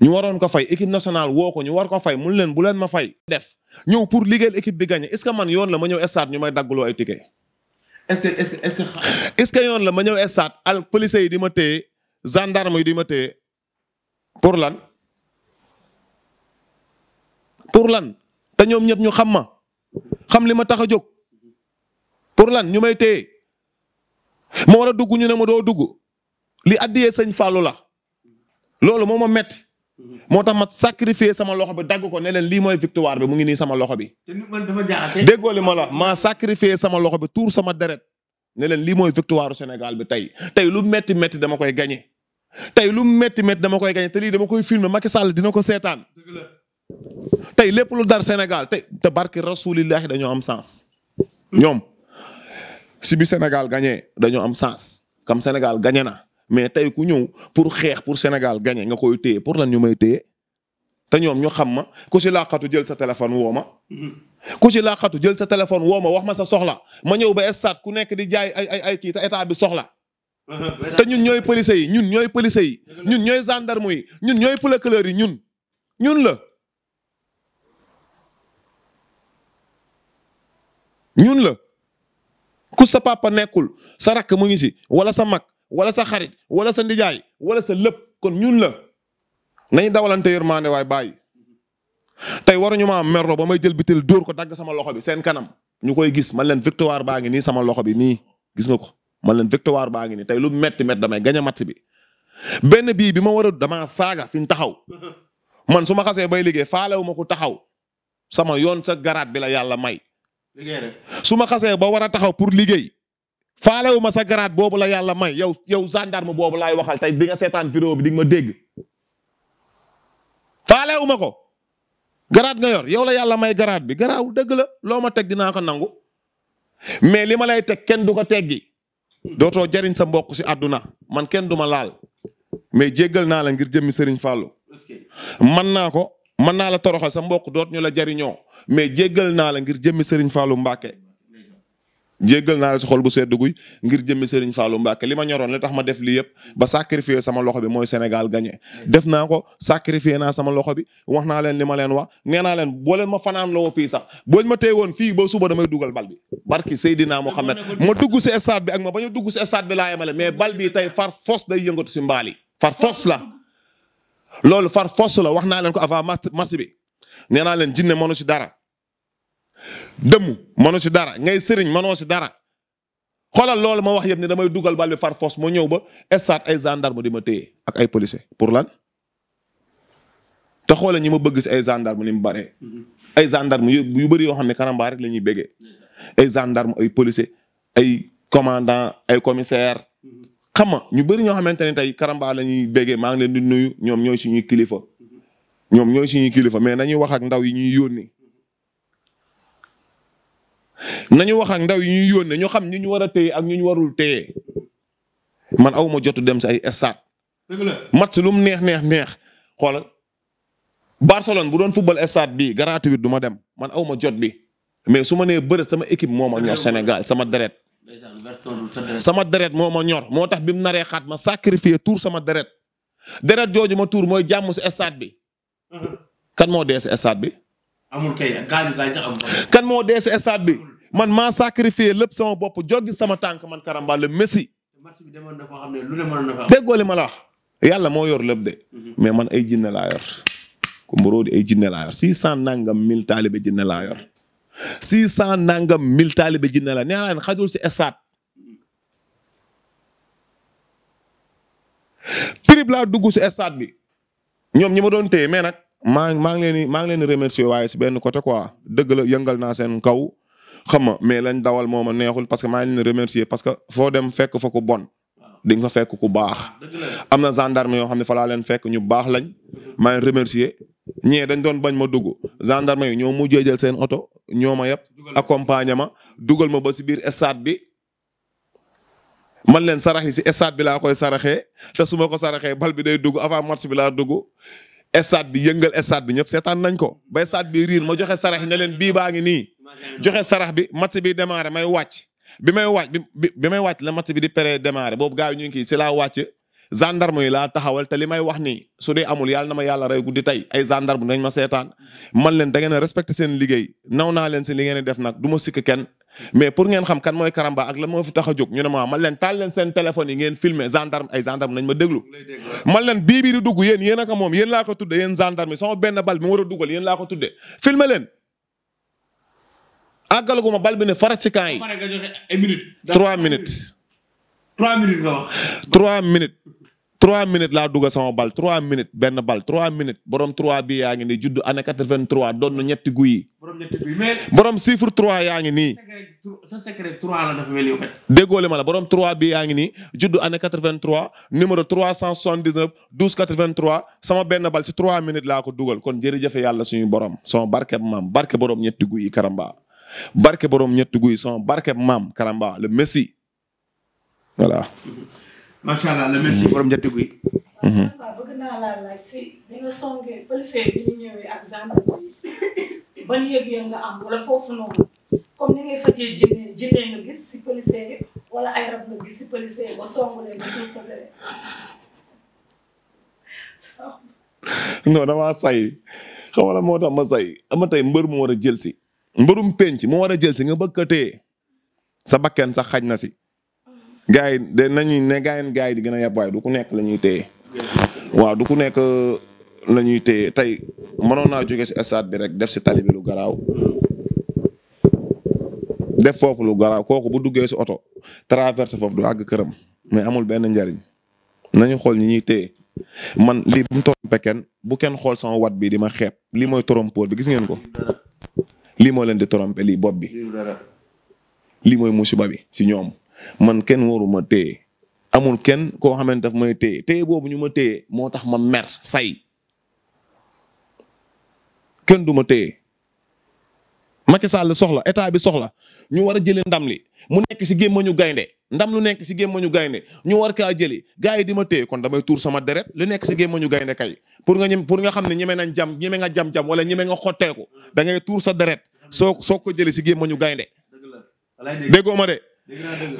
ñu waroon ko fey équipe nationale woo ko ñu war ko fay mun leen bu leen ma fay def ñëw pour liggéeyal équipe bi gagné est ce que man yoon la ma ñëw stade ñu may daggloo ay ticket est ce que ce que yoon la ma ñëw stade al police yi di ma téye gendarme yi di ma téye pour lan pour lan te ñoom ñëpp ñu xam ma xam li ma tax a jóg pour lan ñu may téye ma war a dugg ñu ne ma doo dugg li addiyee sëñ Fallou la loolu moom ma metti moo tax ma sacrifier sama loxo bi dagg ko ne leen lii mooy victoire bi mu ngi nii sama loxo bi. déggoo li ma la maa sacrifier sama loxo bi tuur sama deret ne leen lii mooy victoire Sénégal bi tey tey lu metti metti dama koy gagné. tey lu metti métti dama koy gañe te lii dama koy filmer Macky Sall dina ko seetaan. tey lépp lu dar Sénégal tey te barki rasulillahi dañoo am sens. ñoom si bi Sénégal gañe dañoo am sens comme Sénégal gañe na mais tey ku ñëw pour xeex pour Sénégal gañe nga koy téye pour lan ñu may téye. te ñoom ñu xam ma ku ci laaxatu jël sa téléphone woo ma ku ci laaxatu jël sa téléphone woo ma wax ma sa soxla ma ñëw ba stade ku nekk di jaay ay ay ay kii état bi soxla te ñun ñooy police yi ñun ñooy police yi ñun ñooy gendarme ñun ñooy procureur yi ñun ñun la ñun la ku sa papa nekkul sa rakk mu ngi si wala sa mag wala sa xarit wala sa ndijaay wala sa lépp kon ñun la nañ dawalante yërmande waay bàyyi tey ma maa merlo ba may jël bitil dóor ko dagg sama loxo bi seen kanam ñu koy gis man leen victoire baa ngi nii sama loxo bi ni gis nga ko man leen victoire baa ngi ni tey lu metti metti damay gañ a bi benn bii bi ma war a damaa saaga fi ñu taxaw man su ma xasee bay liggéey faalewu ma ko taxaw sama yoon sa garaat bi la yàlla may. su ma xasee ba war a taxaw pour liggéey faalewu ma sa garaat boobu la yàlla may yow yow gendarme boobu laay waxal tey bi nga seetaan vidéo bi di nga ma dégg faalewu ma ko. garaat nga yor yow la yàlla may garaad bi garaaw dëgg la loo ma teg dinaa ko nangu mais li ma lay teg kenn du ko teggi dootoo jariñ sa mbok si àdduna man kenn duma laal mais jéggal naa la ngir jëmmi Serigne Fallou man naa ko man naa la toroxal sa mbokk doot ñu la jariñoo mais jéggal naa la ngir jëmmi Serigne falu mbake jéggal naa la si xol bu sedd guy ngir jëmmi Serigne Fallou Mbacke li ma ñoroon li tax ma def lii yëpp ba sacrifier sama loxo bi mooy Sénégal gagné. def naa ko sacrifier naa sama loxo bi wax naa leen li ma leen wax nee naa leen boo leen ma fanaan loo fii sax boo ma tey woon boo ba suba damay dugal bal bi. barki Seydina Mohamed ma dugg si stade bi ak ma ba ñu dugg si stade bi laa yemale mais bal bi tey far force day yëngatu si mbaal yi far force la. loolu far force la wax naa leen ko avant match bi nee naa leen jinne mënu si dara. dëmm mënu si dara ngay sëriñ mënoo si dara xoolal lool ma wax yëpp ne damay dugal bal bi far force ma ñëw ba estaat ay gendarme di ma ak ay policier pour lan te xoolal ñi ma bëgg si ay gendarme ni mu bare ay gendarme yu bëri yoo xam ne Karamba rek la ñuy béggee ay gendarme ay policier ay commandant ay commissaire xam nga ñu bëri ñoo xamante ne tey Karamba la ñuy béggee maa ngi leen di nuyu ñoom ñooy suñuy kilifa ñoom ñooy suñuy kilifa mais nañuy wax ak ndaw yi ñuy ni nañu wax ak ndaw yi ñuy yónnee ñu xam ñu ñu war a téye ak ñu ñu warul téye man aw ma jotu dem si ay stade. match lu mu neex neex neex xoolal Barcelone bu doon football stade bi gratuit du ma dem man aw ma jot bi mais su ma nee bërët sama équipe moo ma ñor Sénégal sama deret. sama deret moo ma ñor moo tax bi mu naree xaat ma sacrifier tour sama deret deret jooju ma tuur mooy jàmm si estade bi. Uh-huh. kan moo dee si stade bi. amul kay kan moo dee si stade bi man maa sacrifié lépp sama bopp joggi sama tànk man karambal le Messi. match lu ne ma la wax yàlla moo yor lépp de. Mhm. mais man ay jinne laa yor. Kumburoo ay jinne laa yor six cent nangam mille taalibe jinne laa yor. six cent nangam mille taalibe jinne laa nee naa leen xajul si stade. trip laa dugg si stade bi. ñoom ñi ma doon téye mais nag. maa maa ngi leen maa ngi leen di remercier waaye si benn côté quoi dëgg la yëngal naa seen kaw xam ma mais lañ dawal moo ma neexul parce que maa ngi leen di remercier parce que foo dem fekk fa ku bon di nga fa fekk ku baax. am na gendarme yoo xam ne fa leen fekk ñu baax lañ maa remercier ñee dañ doon bañ ma dugg gendarme yi ñoo mujjee jël seen oto ñoo ma yëpp accompagner ma dugal ma ba si biir stade bi. man leen sarax si stade bi laa koy saraxee te su ma ko saraxee bal bi day dugg avant match bi laa dugg stade bi yëngal stade bi ñëpp seetaan nañ ko ba stade bi riir ma joxe sarax ne bii baa joxe sarax bi match bi démarré may wàcc bi may wàcc bi bi may la match bi di péré démarré boobu ga yi ñu ngi kii si laa wàcc gendarme yi laa taxawal te li may wax nii su dee amul yàlla na ma yàlla rey guddi tey ay gendarme dañ ma seetaan man leen da ngeen a respecté seen liggéey naw naa leen si li ngeen def sikk kenn mais pour ngeen xam kan mooy Karamba ak lan moo fi tax a jóg ñu ne ma man leen taal leen seen téléphone yi ngeen filmer gendarme ay gendarme nañ ma déglu man leen bii bii di dugg yéen yéen moom yéen laa ko tudde yéen gendarme sama benn bal bi ma war a dugal yéen laa ko tudde filmer leen àggalaguma bal bi ne farat ci camp yi trois minutes trois minutes nga wax trois minutes trois minutes la dugal sama bal trois minutes benn bal trois minutes borom trois bi yaa ngi nii judd année quatre-vingt-trois doon na ñetti guy. borom ñetti guy mais. borom trois yaa ngi nii. sa secret ma la borom trois bi yaa ngi nii juddu année quatre-vingt-trois numéro trois cent soixante-dix-neuf douze quatre-vingt-trois sama benn bal si trois minutes laa ko dugal kon jërëjëf yàlla suñu borom sama barke maam barke borom ñetti guy Karamba barke borom ñetti guy sama barke maam Karamba le Messi macha allah la mel ci mm-hmm. borom njëtt guy. Mm-hmm. bëgg naa laa laaj si bi nga songee policier bi ñëwee ak gendarmerie yi ban yëg-yëg nga am wala foofu noonu comme ni ngay fajee jinne nga gis si policier yi wala ay rab nga gis si policier ba songu leen ba tuur sa bere. non damaa say xaw war a jël si. mbërum penc mu war a jël si nga bëgg a sa bakken sax xaj na si. gars yi de nañu ne gaa yi gaa yi di gën a yàpp waaye du nekk la ñuy téye waaw du ku nekk euh, la ñuy téye tey mënoon naa jóge si stade bi rek def si tali bi lu garaaw def foofu lu garaaw kooku bu duggee si oto traversé foofu du àgg këram mais amul benn njariñ nañu xool ñi ñuy téye man lii bu mu trompé kenn bu kenn xool sama wat bi di ma xeeb lii mooy trompeau bi gis ngeen ko lii moo leen di trompé lii bopp bi lii mooy mu siba bi si ñoom. man kenn waruma téye amul kenn koo xamante daf may téye téye boobu ñu ma téye moo tax ma mer say kenn du ma téye Macky Sall soxla état bi soxla ñu war a jëlee ndam li mu nekk si gémmañu gaynde ndam lu nekk si gémmañu gaynde ñu war kaa jëli gars yi di ma téye kon damay tuur sama deret lu nekk si gémmañu gaynde kay pour nga ñem pour nga xam ne ñeme nañ jam ñeme nga jam jam wala ñeme nga xotteeku da ngay tuur sa deret soo soo ko jëlee si gémmañu gaynde déggoo de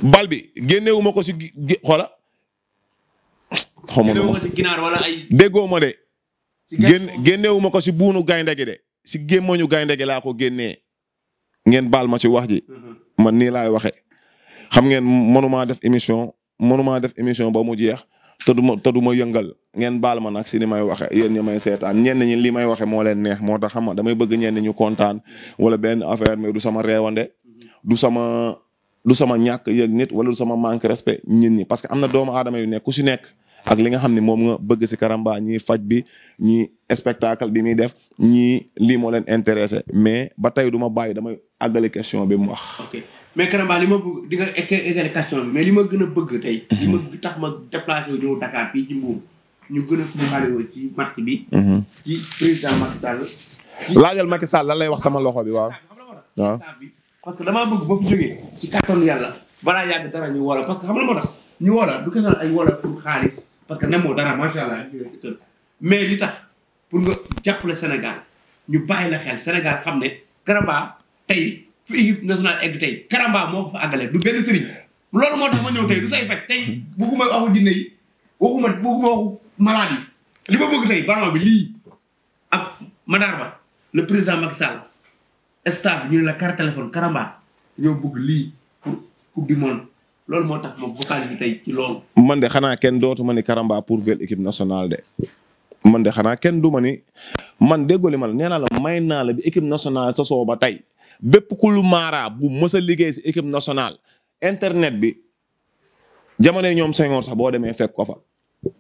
bal bi génnewu ma ko si gi xaw ma nu ma déggoo ma de. génn ko si buunu gaynde gi de si gémmañu gaynde gi laa ko génnee. ngeen baal ma ci wax ji. Mhm. man nii laay waxe xam ngeen mënumaa def émission mënumaa def émission ba mu jeex te du ma te du ma yëngal ngeen baal ma nag si ni may waxe yéen ñi may seetaan ñenn ñi li may waxe moo leen neex moo tax xam nga damay bëgg ñenn ñu kontaan wala benn affaire mais du sama réewande mhm. du sama. du sama ñàkk yëg nit wala du sama manque respect ñin ñi parce que am na doomu aadama yu nekk ku si nekk ak li nga xam ne moom nga bëgg si karamba ñii faj bi ñii spectacle bi muy def ñii lii moo leen intéressé mais ba tey du ma bàyyi damay àggali question bi mu wax. ok mais li ma bëgg di mais li ma gën a bëgg tey. Mhm. li ma tax ma déplacé ñu gën a suqali woo ci match bi. Mhm. ci président laajal Macky Sall lay wax sama loxo bi waaw. waaw. parce que damaa bëgg ba fi jógee ci kàttanu yàlla balaa yàgg dara ñu woola parce que xam na moo tax ñu woola du kesal ay woola pour xaalis parce que nemoo dara macha allah mais li tax pour nga jàppale Sénégal ñu bàyyi la xel Sénégal xam ne Karamba tey fi équipe nationale egg tey Karamba moo ko fa àggale du benn sëriñ loolu moo tax ma ñëw tey du say faj tey bëgguma waxu jinne yi waxuma bëgguma waxu malade yi li ma bëgg tey ballon bi lii ak Manar Ba le président Macky staff ñu ne la carte téléphone Karamba ñoo bëgg lii pour coupe du monde loolu moo tax ma vocal bi tey ci loolu. man de xanaa kenn dootu ma Karamba pour vel équipe nationale de man de xanaa kenn du ma ni man déggoo li ma la nee la may naa la bi équipe nationale sa soo ba tey bépp ku lu bu mës liggéey si équipe nationale internet bi jamono ñoom Senghor sax boo demee fekk ko fa.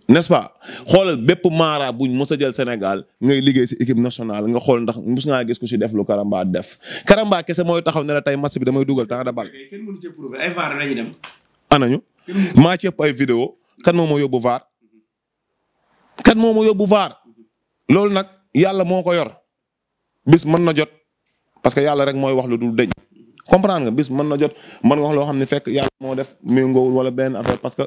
n'est-ce pas xoolal bépp maara ñu mos sa jël Sénégal ngay liggéey si équipe nationale nga xool ndax mos ngaa gis ku si def lu Karamba def Karamba kese mooy taxaw ne la tey match bi damay dugal temps de balle. kenn mënu ci prouver ay VAR lañu maa ci ëpp ay vidéo kan moom moo yóbbu VAR kan moom moo yóbbu VAR loolu nag yàlla moo ko yor bis mën na jot parce que yàlla rek mooy wax lu du dëñ comprendre nga bis mën na jot mën nga wax loo xam ne fekk yàlla moo def méngoowul wala benn affaire parce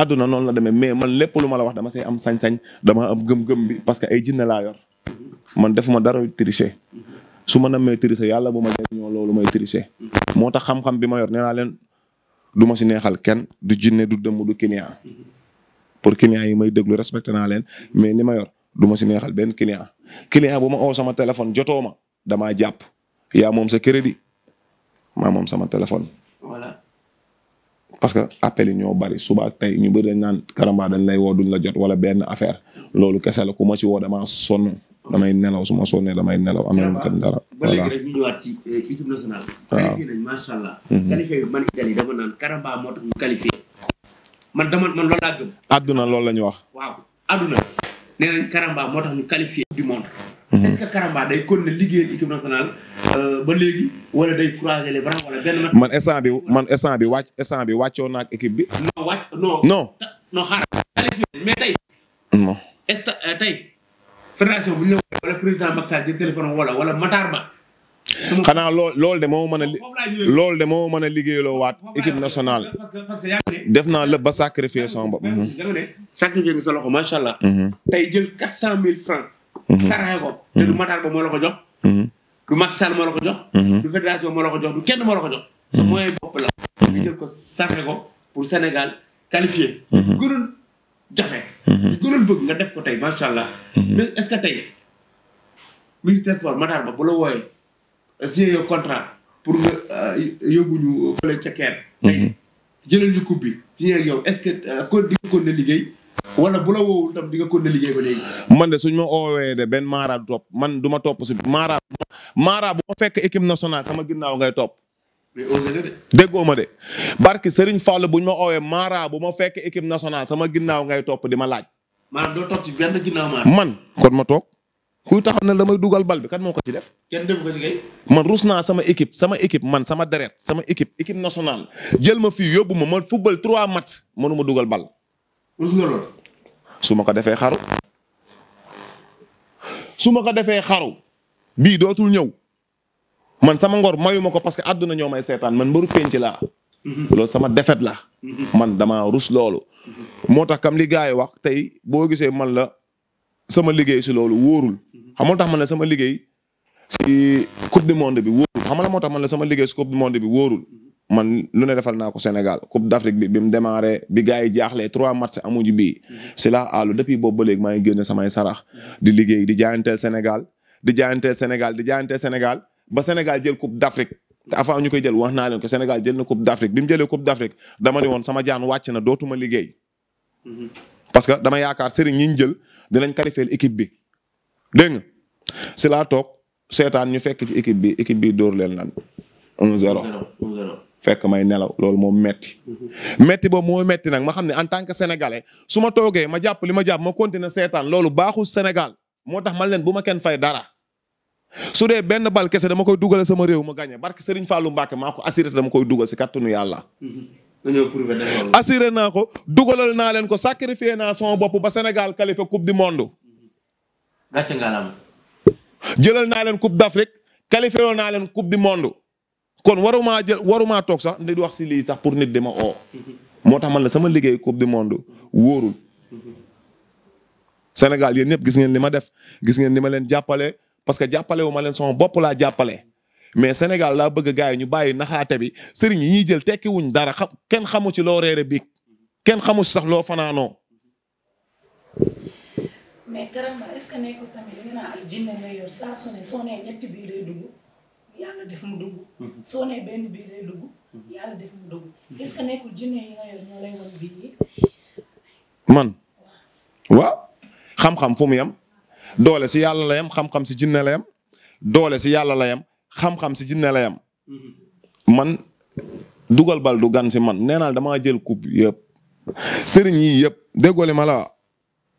àdduna noonu la demee mais man lépp lu ma la wax dama say am sañ-sañ dama am gëm-gëm bi parce que ay jinne laa yor man defuma dara tricher su ma nammee tricher yàlla boo ma jëriñoo loolu may tricher. moo tax xam-xam bi ma yor nee leen du ma si neexal kenn du jinne du dem dëmm du client pour client yi may déglu respecté naa leen mais li ma yor du ma si neexal benn client client bu ma oo sama téléphone jotoo ma damaa jàpp yaa moom sa crédit maa moom sama téléphone. parce que appel yi ñoo bari suba ak ñu bëri dañ naan Karamba dañ lay woo duñ la jot wala benn affaire loolu kese la ku ma ci woo damaa sonn damay nelaw su ma sonnee damay nelaw am nañu kat dara. voilà ba léegi euh, mhm. moo tax ñu qualifié man dama man loolu la ñu wax. waaw àdduna nee nañ moo tax ñu qualifié du monde. Mm-hmm. est-ce que liggéey équipe euh, ba léegi wala day croiser man instant bi man instant bi wàcc instant bi wàccoon na ak équipe bi. non wàcc non. xaaral mais euh, Ba. xanaa loo loolu de moo mën a. loolu de moo mën a liggéeyaloo waat équipe nationale. def naa lépp ba sacrifier son bopp. Mm-hmm. allah. Mm-hmm. tey jël quatre cent mille francs. Mm-hmm. saraxe ko mm-hmm. te du Matar Ba moo la ko jox mm-hmm. du Macky Sall moo la ko jox du fédération moo la ko jox du kenn moo la ko jox sa moyen bopp la nga jël ko saraxe ko pour Sénégal qualifié gënul jafe li gënul bëgg nga def ko tey macha allah mais est ce que tey ministère sport Matar Ba bu la wooyee signé yow contrat pour yëguñu euh, yóbbu ñu fële ca tey jëlal ñu coupe bi signé yow est ce que kon euh, di liggéey wala bu la woowul tam di ba léegi. man de suñ ma oowee de benn Mara du topp man duma topp si Mara. Mara bu ma fekk équipe nationale sama ginnaaw ngay topp. déggoo ma de barki Serigne Fall buñ ma oowee Mara bu ma fekk équipe nationale sama ginnaaw ngay topp di ma laaj. maanaam doo topp man kon ma toog. kuy taxaw ne damay dugal bal bi kan moo ko ci def. kenn def ko man rus naa sama équipe sama équipe man sama deret sama équipe équipe nationale jël ma fii yóbbu ma ma football trois matchs mënu dugal bal. su ma ko defee xaru su ma ko defee xaru bii dootul ñëw man sama ngor mayu ko parce que àdduna ñoo may seetaan man mbaru penc laa loolu sama defet la man dama rus loolu moo tax kam li yi wax tey boo gisee man la sama liggéey si loolu wóorul xamul tax man la sama liggéey si coupe du bi wóorul xamala moo tax man la sama liggéey si coupe du monde bi wóorul man lu ne defal naa ko Sénégal Coupe d'Afrique bi bi mu démarré bi gars yi jaaxlee trois matchs amuñu bii si la àllu depuis boobu ba léegi maa ngi génne samay sarax mm-hmm. di liggéey di jaayanteel Sénégal di jaayanteel Sénégal di jaayanteel Sénégal ba Sénégal jël Coupe d'Afrique te avant ñu koy jël wax naa leen ko Sénégal jël na Coupe d'Afrique bi mu jëlee Coupe d'Afrique dama ne woon sama jaan wàcc na dootuma liggéey mm-hmm. parce que dama yaakaar sëriñ ñi ñu jël dinañ qualifier équipe bi dégg nga si la toog seetaan ñu fekk ci équipe bi équipe bi dóor leen lan 1-0 fekk may nelaw loolu moom metti metti boobu moo metti nag ma xam ne en tant que sénégalais su ma toogee ma jàpp li ma jàpp ma continuer seetaan loolu baaxul Sénégal moo tax man leen bu ma kenn fay dara. su dee benn bal kese dama koy dugale sama réew ma gagné barke Serigne Fallou Mbacke maa ko assuré dama koy dugal si kattanu yàlla. dañoo assuré naa ko dugalal naa leen ko sacrifié naa sama bopp ba Sénégal qualifié coupe du monde. jëlal naa leen coupe d' Afrique naa leen coupe du monde. kon warumaa jël warumaa toog sax di wax si lii sax pour nit di ma oo moo tax man la sama liggéey coupe du monde wóorul Sénégal yéen ñëpp gis ngeen li ma def gis ngeen ni ma leen jàppale parce que jàppale wu ma leen bopp laa jàppale mais Sénégal laa bëgg gaa yi ñu bàyyi naxaate bi sëriñ yi ñuy jël tekki dara xam kenn xamu ci loo reere biig kenn xamu ci sax loo fanaanoo Hmm. Hmm. Hmm. man waaw xam-xam fu mu yem doole si yàlla la yem xam-xam si jinne la yem doole si yàlla la yem xam-xam si jinne la yem man dugal bal du gan man nee naa damaa jël kub yëpp sëriñ yi yëpp déggoo li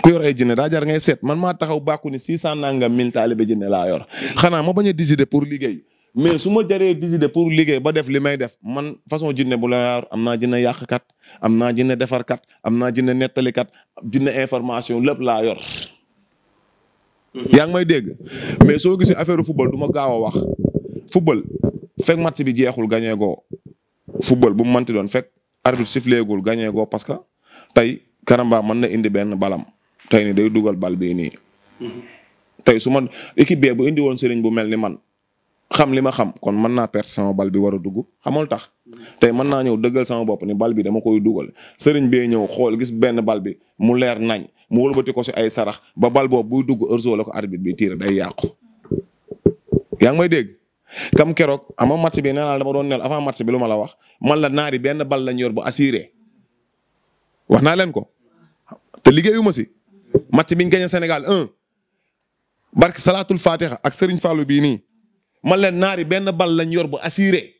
ku yore ay jinne daa jar ngay seet man ma taxaw bàkku ni 600 nangam mille ba jinne laa yor xanaa ma bañ a décider pour liggéey mais su ma jaree décider pour liggéey ba def li may def man façon jinne bu la yor am naa jinne kat am naa jinne defarkat am naa jinne nettalikat jinne information lépp laa yor. yaa ngi may dégg mais soo gisee affaire football duma ma a wax football fekk match bi jeexul gagné goo football bu mu doon fekk arbitre sifflé gul parce que tey Karamba mën na indi benn balam. tey nii day dugal bal bii nii. tey su ma équipe bu indi woon sëriñ bu mel ni man xam li ma xam kon mën naa perte sama bal bi war a dugg xamul tax. tey mën naa ñëw dëggal sama bopp ni bal bi dama koy dugal sëriñ bee ñëw xool gis benn bal bi mu leer nañ mu wëlbati ko si ay sarax ba bal boobu buy dugg heure la ko arbitre bi tiir day yàqu. yaa ngi may dégg kam keroog ama match bi nee dama doon nel avant match bi lu ma la wax man la naari benn bal lañ yor bu assuré wax naa leen ko te liggéeyuma si. mati bi ñu gagné Sénégal 1 barke Fatiha ak Serigne Fallou bii nii man leen naari benn bal lañ yor bu assuré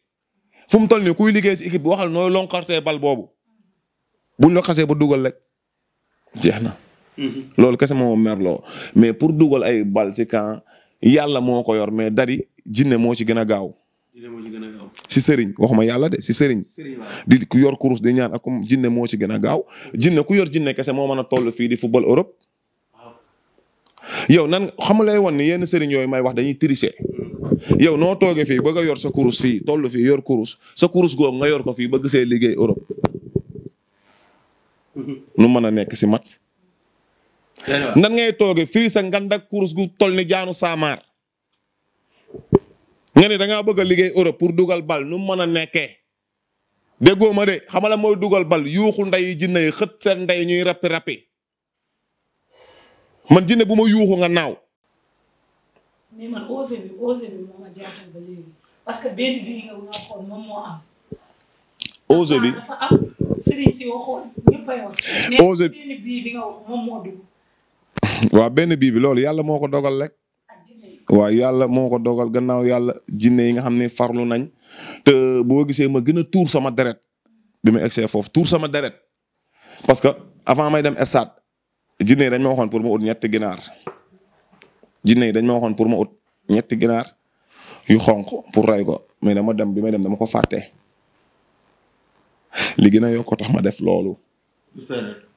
fu mu toll nii kuy liggéey si équipe bi waxal nooy lonkartee bal boobu buñ la xasee ba dugal rek jeex na. Mhm. loolu kese moom merloo mais pour dugal ay bal si camp yàlla moo ko yor mais dari jinne moo ci gën a gaaw. si sëriñ waxuma yàlla de si sëriñ. di ku yor kurus di ñaan ak jinne moo ci gën gaaw jinne ku yor jinne kese moo mën a toll fii di football Europe. yow nan xamu lay woon ni yenn sëriñ yooyu may wax dañuy tricher yow noo toogee fii bëgg a yor sa kurus fii toll fii yor kurus sa kurus googu nga yor ko fii ba gisee liggéey Europe. nu mën a nekk si mat. nan ngay toogee firi sa kurus gu toll ni jaanu saamaar. nga ne da bëgg liggéey Europe pour dugal bal nu mën a nekkee. déggoo ma de xamala mooy dugal bal yuuxu ndey ji nay xët seen ndey ñuy rappi rappi. man jinne bu ma yuuxu nga naaw. mais bi osé benn bi nga waaw benn bii bi loolu yàlla moo ko dogal rek. waaw yàlla moo ko dogal gannaaw yàlla jinne yi nga xam ne farlu nañ te boo gisee ma gën a tuur sama deret bi ma egsee foofu tuur sama deret parce que avant may dem stade jinne yi dañ ma waxoon pour ma ut ñetti ginaar yi dañ ma waxoon pour ma ut ñetti ginaar yu xonq pour rey ko mais dama dem bi may dem dama ko fàtte li gën a yokk tax ma def loolu.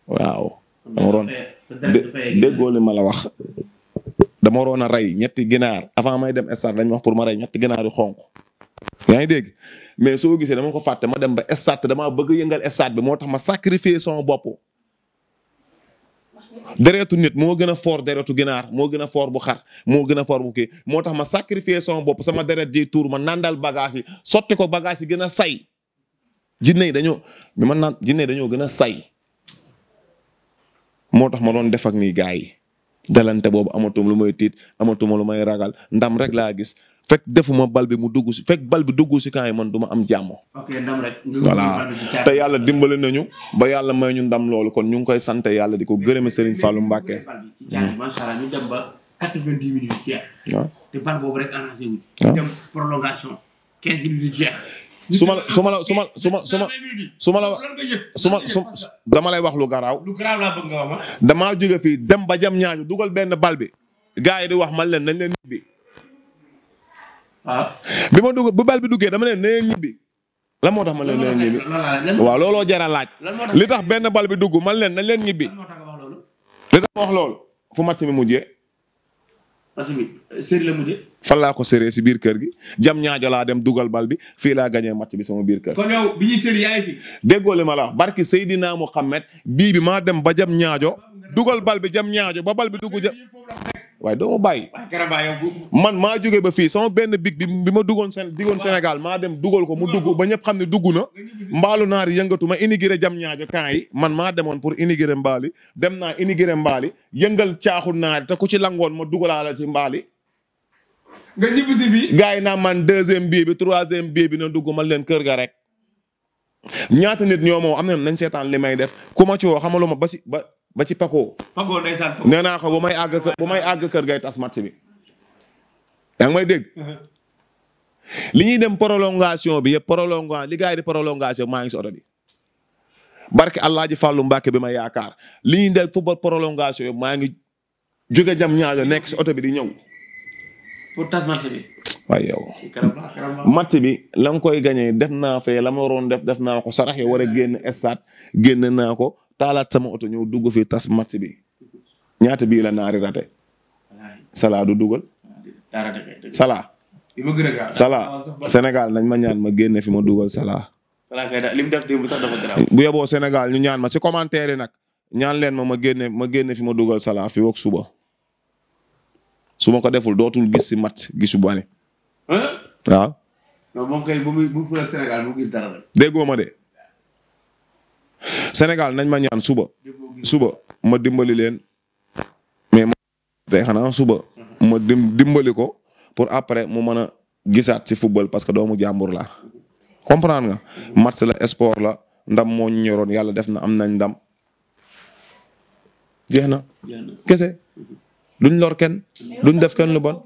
waaw. dama roon ma la wax dama waroon a rey ñetti ginaar avant may dem stade dañ ma wax pour ma rey ñetti ginaar yu xonq. yaa ngi dégg mais soo gisee dama ko fàtte ma dem ba stade damaa bëgg yëngal stade bi moo tax ma sacrifier sama bopp. deretu nit moo gën a foor deretu ginaar moo gën a foor bu xar moo gën a fort bu kii moo tax ma sacrifier sama bopp sama deret ji tuur ma nandal bagage yi sotti ko bagage yi gën a say jinne yi dañoo bi ma naan jinne yi dañoo gën a say moo tax ma doon def ak nii gars yi dalante boobu amatuma lu may tiit amatuma lu may ragal ndam rek laa gis fekk defuma bal bi mu dugg si fekk bal bi dugg si camp yi man duma am jàmm. ok ndam rek. te yàlla dimbali nañu. ba yàlla may ñu ndam loolu kon ñu ngi koy sant yàlla di ko gërëme Serigne Fallou Mbacké. macha allah ñu dem ba quatre suma dix minutes jeex. waaw te la su ma su ma la su su dama lay wax lu garaaw. lu garaaw laa bëgg jóge fii dem ba jam ñaaju dugal benn bal bi. gaa yi di wax man leen nañ leen ñibbi. bi ma dugg bu bal bi duggee dama leen nee ñibbi. la moo tax ma leen nee ñibbi waaw looloo jar a laaj. li tax benn bal bi dugg man leen nañ leen ñibbi. li tax ma wax lool fu match mi mujjee. match mi mujjee. fan laa ko séree si biir kër gi jam ñaajo laa dem dugal bal bi fii laa gañee match bi sama biir kër. kon yow bi ñuy série li ma la wax barki Seydina Mohamed bii bi maa dem ba jam ñaajo dugal bal bi jam ñaajo ba bal bi dugg jam. waaye doo ma bàyyi. man maa jógee ba fii sama benn big bi bi ma duggoon seen diggoon Sénégal maa dem dugal ko mu dugg ba ñëpp xam ne dugg na. mbaalu naari yi yëngatu jam ñaajo camp yi man maa demoon pour inigiré mbaali dem naa inigiré mbaali yëngal caaxu naari te ku ci langoon ma dugalaala ci mbaali. nga naa man deuxième bii bi troisième bii bi na dugg mal leen kër ga rek. ñaata nit ñoo moom am nañ nañ seetaan li may def ku ma ci woo xamaluma ba si ba ba ci pako Paco ndeysaan nee naa ko bu may àgg kër bu àgg kër ngay tas match bi. yaa ngi may dégg. Uh-huh. li ñuy dem prolongation bi yëpp prolongation li gars yi di maa ngi si oto bi. barke allah ji fàllu Mbàkke bi ma yaakaar li ñuy def ba prolongation yëpp maa ngi jóge jam ñaajo nekk si oto bi di ñëw. pour tas match bi. waaye bi la koy gagné def naa fee la ma waroon def def naa ko sarax yi war a génn stade génn naa ko. taalaat sama oto ñëw dugg fi tas match bi ñaata bii la naari rate du dugal. Salah. senegal ma nañ ma ñaan ma génne fi ma duggal Salah. Salah kay da li bu yeboo Sénégal ñu ñaan ma si commentaire nag ñaan leen ma ma génne ma génne fi ma dugal Salah fi woog suba. su ma ko deful dootul gis si match gisu bane. waaw. de. Sénégal nañ ma ñaan suba suba ma dimbali leen mais ma tey suba ma dimbali ko pour après mu mën a gisaat ci football parce que doomu jàmbur la comprendre nga match la sport la ndam moo ñu ñoroon yàlla def na am nañ ndam jeex na kese duñ lor kenn duñ def kenn lu bon.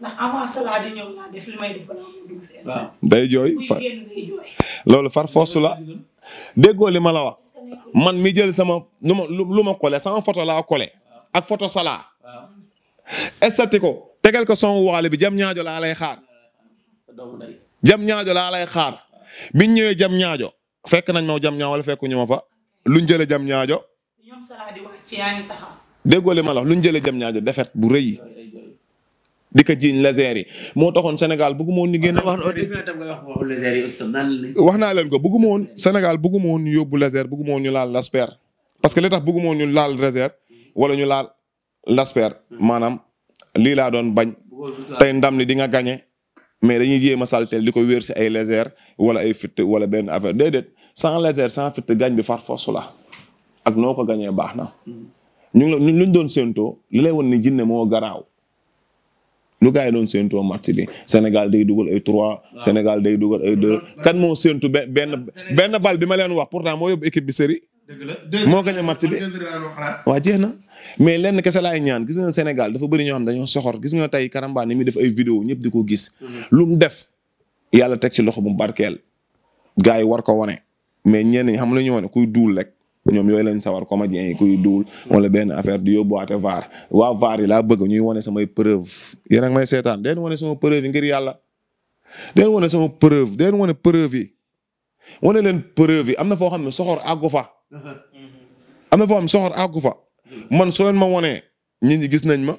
ndax day jooy loolu far force la déggoo li ma man mi jël sama lu ma lu ma collé sama photo laa collé ak photo Salah. estati ko tegal ko son waale bi jam ñaajo laa lay xaar. jam ñaajo laa lay xaar biñ ñëwee jam ñaajo fekk nañ ma jam ñaaw wala fekkuñu ma fa luñ jëlee jam ñaajo. déggoo li ma la jëlee jam ñaajo defet bu rëy. di ko jiiñ laser yi moo taxoon senegal bëgguma woon ñu génn. wax wax naa leen ko bëgguma senegal Sénégal bëgguma woon ñu yóbbu laser bëgguma woon ñu laal lasper parce que li tax bëgguma woon ñu laal laser wala ñu laal lasper maanaam lii laa doon bañ tey ndam li di nga gagné mais dañuy jéem a saltel di ko wéer si ay laser wala ay fitt wala benn affaire déedéet sans laser sans fitt gañ bi far force la ak noo ko gañee baax na. Mm-hmm. ñu ngi la luñ doon séentoo li lay won ni jinne moo garaaw. lu gars yi doon séntu match bi Sénégal day dugal ay 3 Sénégal day dugal ay 2 kan moo séntu benn benn bal bi ma leen wax pourtant moo yóbbu équipe bi série moo gagné match bi waa jeex na mais lenn kese laay ñaan gis nga Sénégal dafa bëri ñoo xam dañoo soxoor gis nga tey Karamba ni muy def ay vidéo ñëpp di ko gis lu mu def yàlla teg si loxo bu barkeel gars yi war ko wane mais ñenn ñi xam la ñu wane kuy duul rek ñoom yooyu lañ sawar comédien yi kuy duul wala benn affaire di a vaar waa vaar yi laa bëgg ñuy wane samay preuve yéen ak may seetaan deen wane sama preuve yi ngir yàlla deen wane sama preuve deen wane preuve yi wane leen preuve yi am na foo xam ne soxor àggu fa mhm. am na foo am ne soxor àggu fa man soo leen ma wonee nit ñi gis nañ ma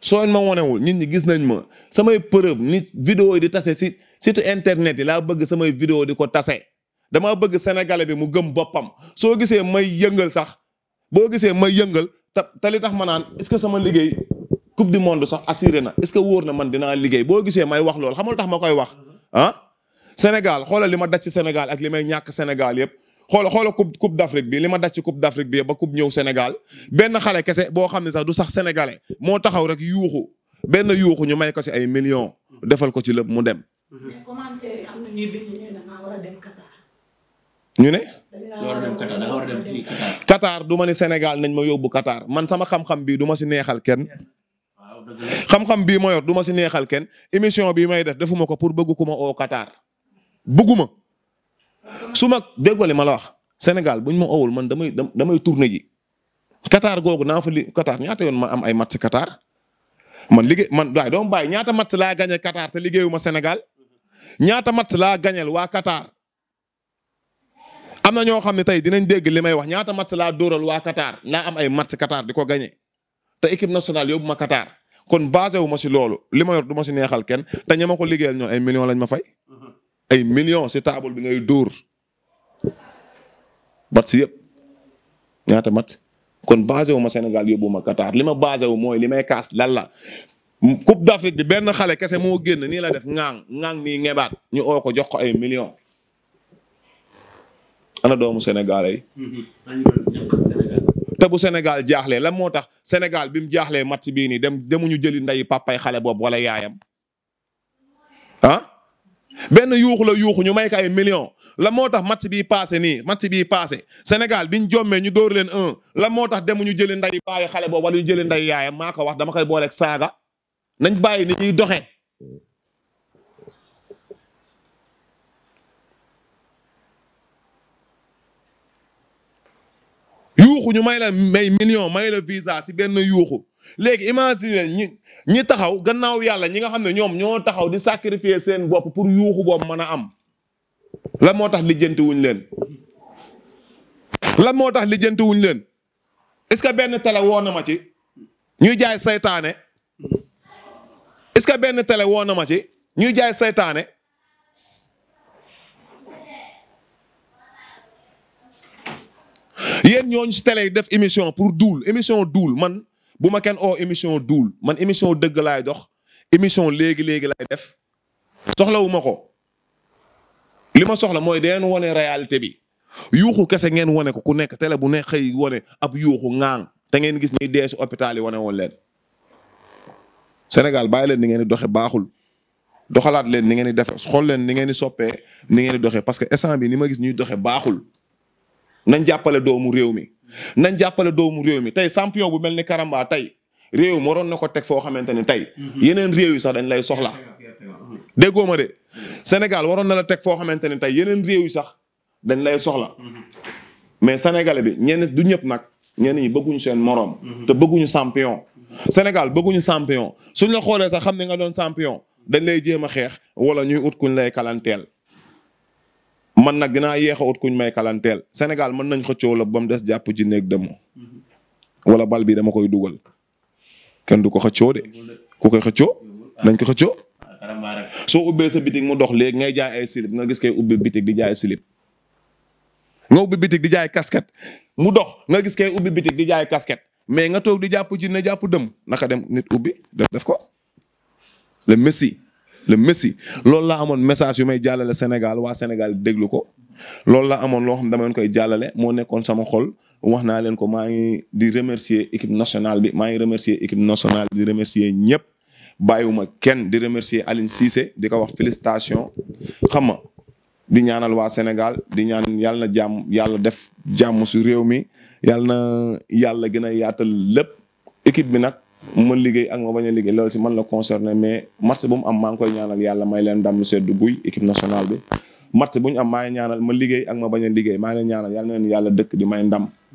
soo leen ma wonewul nit ñi gis nañ ma samay preuve nit yi di tase si site internet yi laa bëgg samay vidéo di ko tase damaa bëgg sénégalais bi mu gëm boppam soo gisee may yëngal sax boo gisee may yëngal te te li tax ma naan est-ce sama liggéey coupe du monde sax assuré na est-ce que wóor na man dinaa liggéey boo gisee may wax loolu xam nga tax ma koy wax ah. Sénégal xoolal li ma daj ci Sénégal ak li may ñàkk Sénégal yëpp xool xoolal coupe coupe d'Afrique bi li ma daj ci coupe d'Afrique bi ba coupe ñëw Sénégal benn xale kese boo xam ne sax du sax sénégalais moo taxaw rek yuuxu benn yuuxu ñu may ko ci ay millions defal ko ci lépp mu dem ñu ne. Qatar du ma ni Sénégal nañ ma yóbbu Qatar man sama xam-xam bii duma si neexal kenn. xam-xam bii ma yor si neexal kenn émission bii may def defuma ko pour bëgg ku ma oo Qatar bëgguma su ma déggoo ma la wax Sénégal buñ ma owul man damay damay tourné ji. Qatar googu naa fa li Qatar ñaata yoon ma am ay match Qatar man liggéey man waaye doomu bàyyi ñaata match laa gagné Qatar te liggéeyu ma Sénégal ñaata match laa gañel waa Qatar. am na ñoo xam ne tey dinañ dégg li may wax ñaata match laa dóoral waa Qatar naa am ay match Qatar di ko gagné te équipe nationale yóbbu ma Qatar kon basé wu si loolu li ma yor du si neexal kenn te ña ma ko liggéeyal ñoom ay millions lañ ma fay. Mhm. ay millions si table bi ngay bat si yëpp ñaata mat kon basé wu ma Sénégal yóbbu ma Qatar li ma basé wu mooy li may kaas lan la. Coupe d'Afrique benn xale kese moo génn nii la def ŋaang ŋaang nii ngebaat ñu oo ko jox ko ay millions. ana doomu Sénégalais yi. te bu Sénégal jaaxle lan moo tax Sénégal bi mu jaaxlee match bii nii dem demuñu jëli nday papay xale boobu wala yaayam ah. benn yuuxu la yuuxu ñu may ko million millions moo tax match bii passé nii match bii passé Sénégal biñ jommee ñu dóor leen un la moo tax demuñu jëli nday bàyyi xale boobu wala ñu jëli nday yaayam maa ko wax dama koy booleeg saaga nañ bàyyi ni ñuy doxee. yuuxu ñu may la may million may la visa si benn yuuxu léegi imagine ñi ñi taxaw gannaaw yàlla ñi nga xam ne ñoom ñoo taxaw di sacrifier seen bopp pour yuuxu boobu mën a am la moo tax lijjanti wuñ leen lan moo tax lijjanti wuñ leen est-ce que benn télé woo na ci ñuy jaay saytaane est-ce que benn télé woo na ci ñuy jaay seytaane yéen ñooñu si télé yi def émission pour duul émission duul man bu ma kenn oo émission duul man émission dëgg laay dox émission léegi léegi laay def soxlawu ma ko li ma soxla mooy deen wane réalité bi yuuxu kese ngeen wane ko ku nekk télé bu ne xëy wane ab yuuxu ŋaang te ngeen gis ñuy dee si hôpital yi wane leen. Sénégal bàyyi leen ni ngeen di doxee baaxul doxalaat leen ni ngeen di def xool leen ni ngeen di soppee ni ngeen di doxee parce que instant bi ni ma gis ñuy doxee baaxul. nañ jàppale doomu réew mi nañ jàppale doomu réew mi tey champion bu mel ni Karamba tey réew mi waroon na ko teg foo xamante ni tey mhm. yeneen réew yi sax dañ lay soxla déggoo ma de Sénégal waroon na la teg foo xamante ni tey yeneen réew yi sax dañ lay soxla mhm. mais sénégalais bi ñenn du ñëpp nag ñenn ñi bëgguñu seen morom. Mhm. te bëgguñu champion. Sénégal bëgguñu champion suñ la xoolee sax xam ne nga doon champion dañ lay jéem a xeex wala ñuy ut kuñ lay kalanteel. man nag dinaa yéex a ut kuñ may kalanteel Sénégal mën nañ xëccoo la ba mu des jàpp ji néeg demo wala bal bi dama koy dugal kenn du ko xëccoo de ku koy xëccoo nañ ko xëccoo. soo ubbee sa bitig mu dox léegi ngay jaay ay slip nga gis kay ubbi bitig di jaay slip nga ubbi bitig jaay casquette mu dox nga gis kay ubbi bitig di jaay casquette mais nga toog di jàpp ji ne jàpp dëm naka dem nit ubbi def ko le messi le Messi loolu laa amoon message yu may jàllale Sénégal waa Sénégal déglu ko loolu laa amoon loo xam dama leen koy jàllale moo nekkoon sama xol wax naa leen ko maa ngi di remercier équipe nationale bi maa ngi remercier équipe nationale bi di remercier ñëpp bàyyiwuma kenn di remercier Aline Cissé di ko wax félicitation xam nga di ñaanal waa Sénégal di ñaan yàlla na jàmm yàlla def jàmm su réew mi yàlla na yàlla gën a yaatal lépp équipe bi nag. ma liggéey ak ma bañ a liggéey loolu si man la concerné mais match bu mu am maa ngi koy ñaanal yàlla may leen ndam lu sedd guy équipe nationale bi match bu am maa ñaanal ma liggéey ak ma bañ a liggéey maa ngi leen ñaanal yàlla na leen yàlla dëkk di may ndam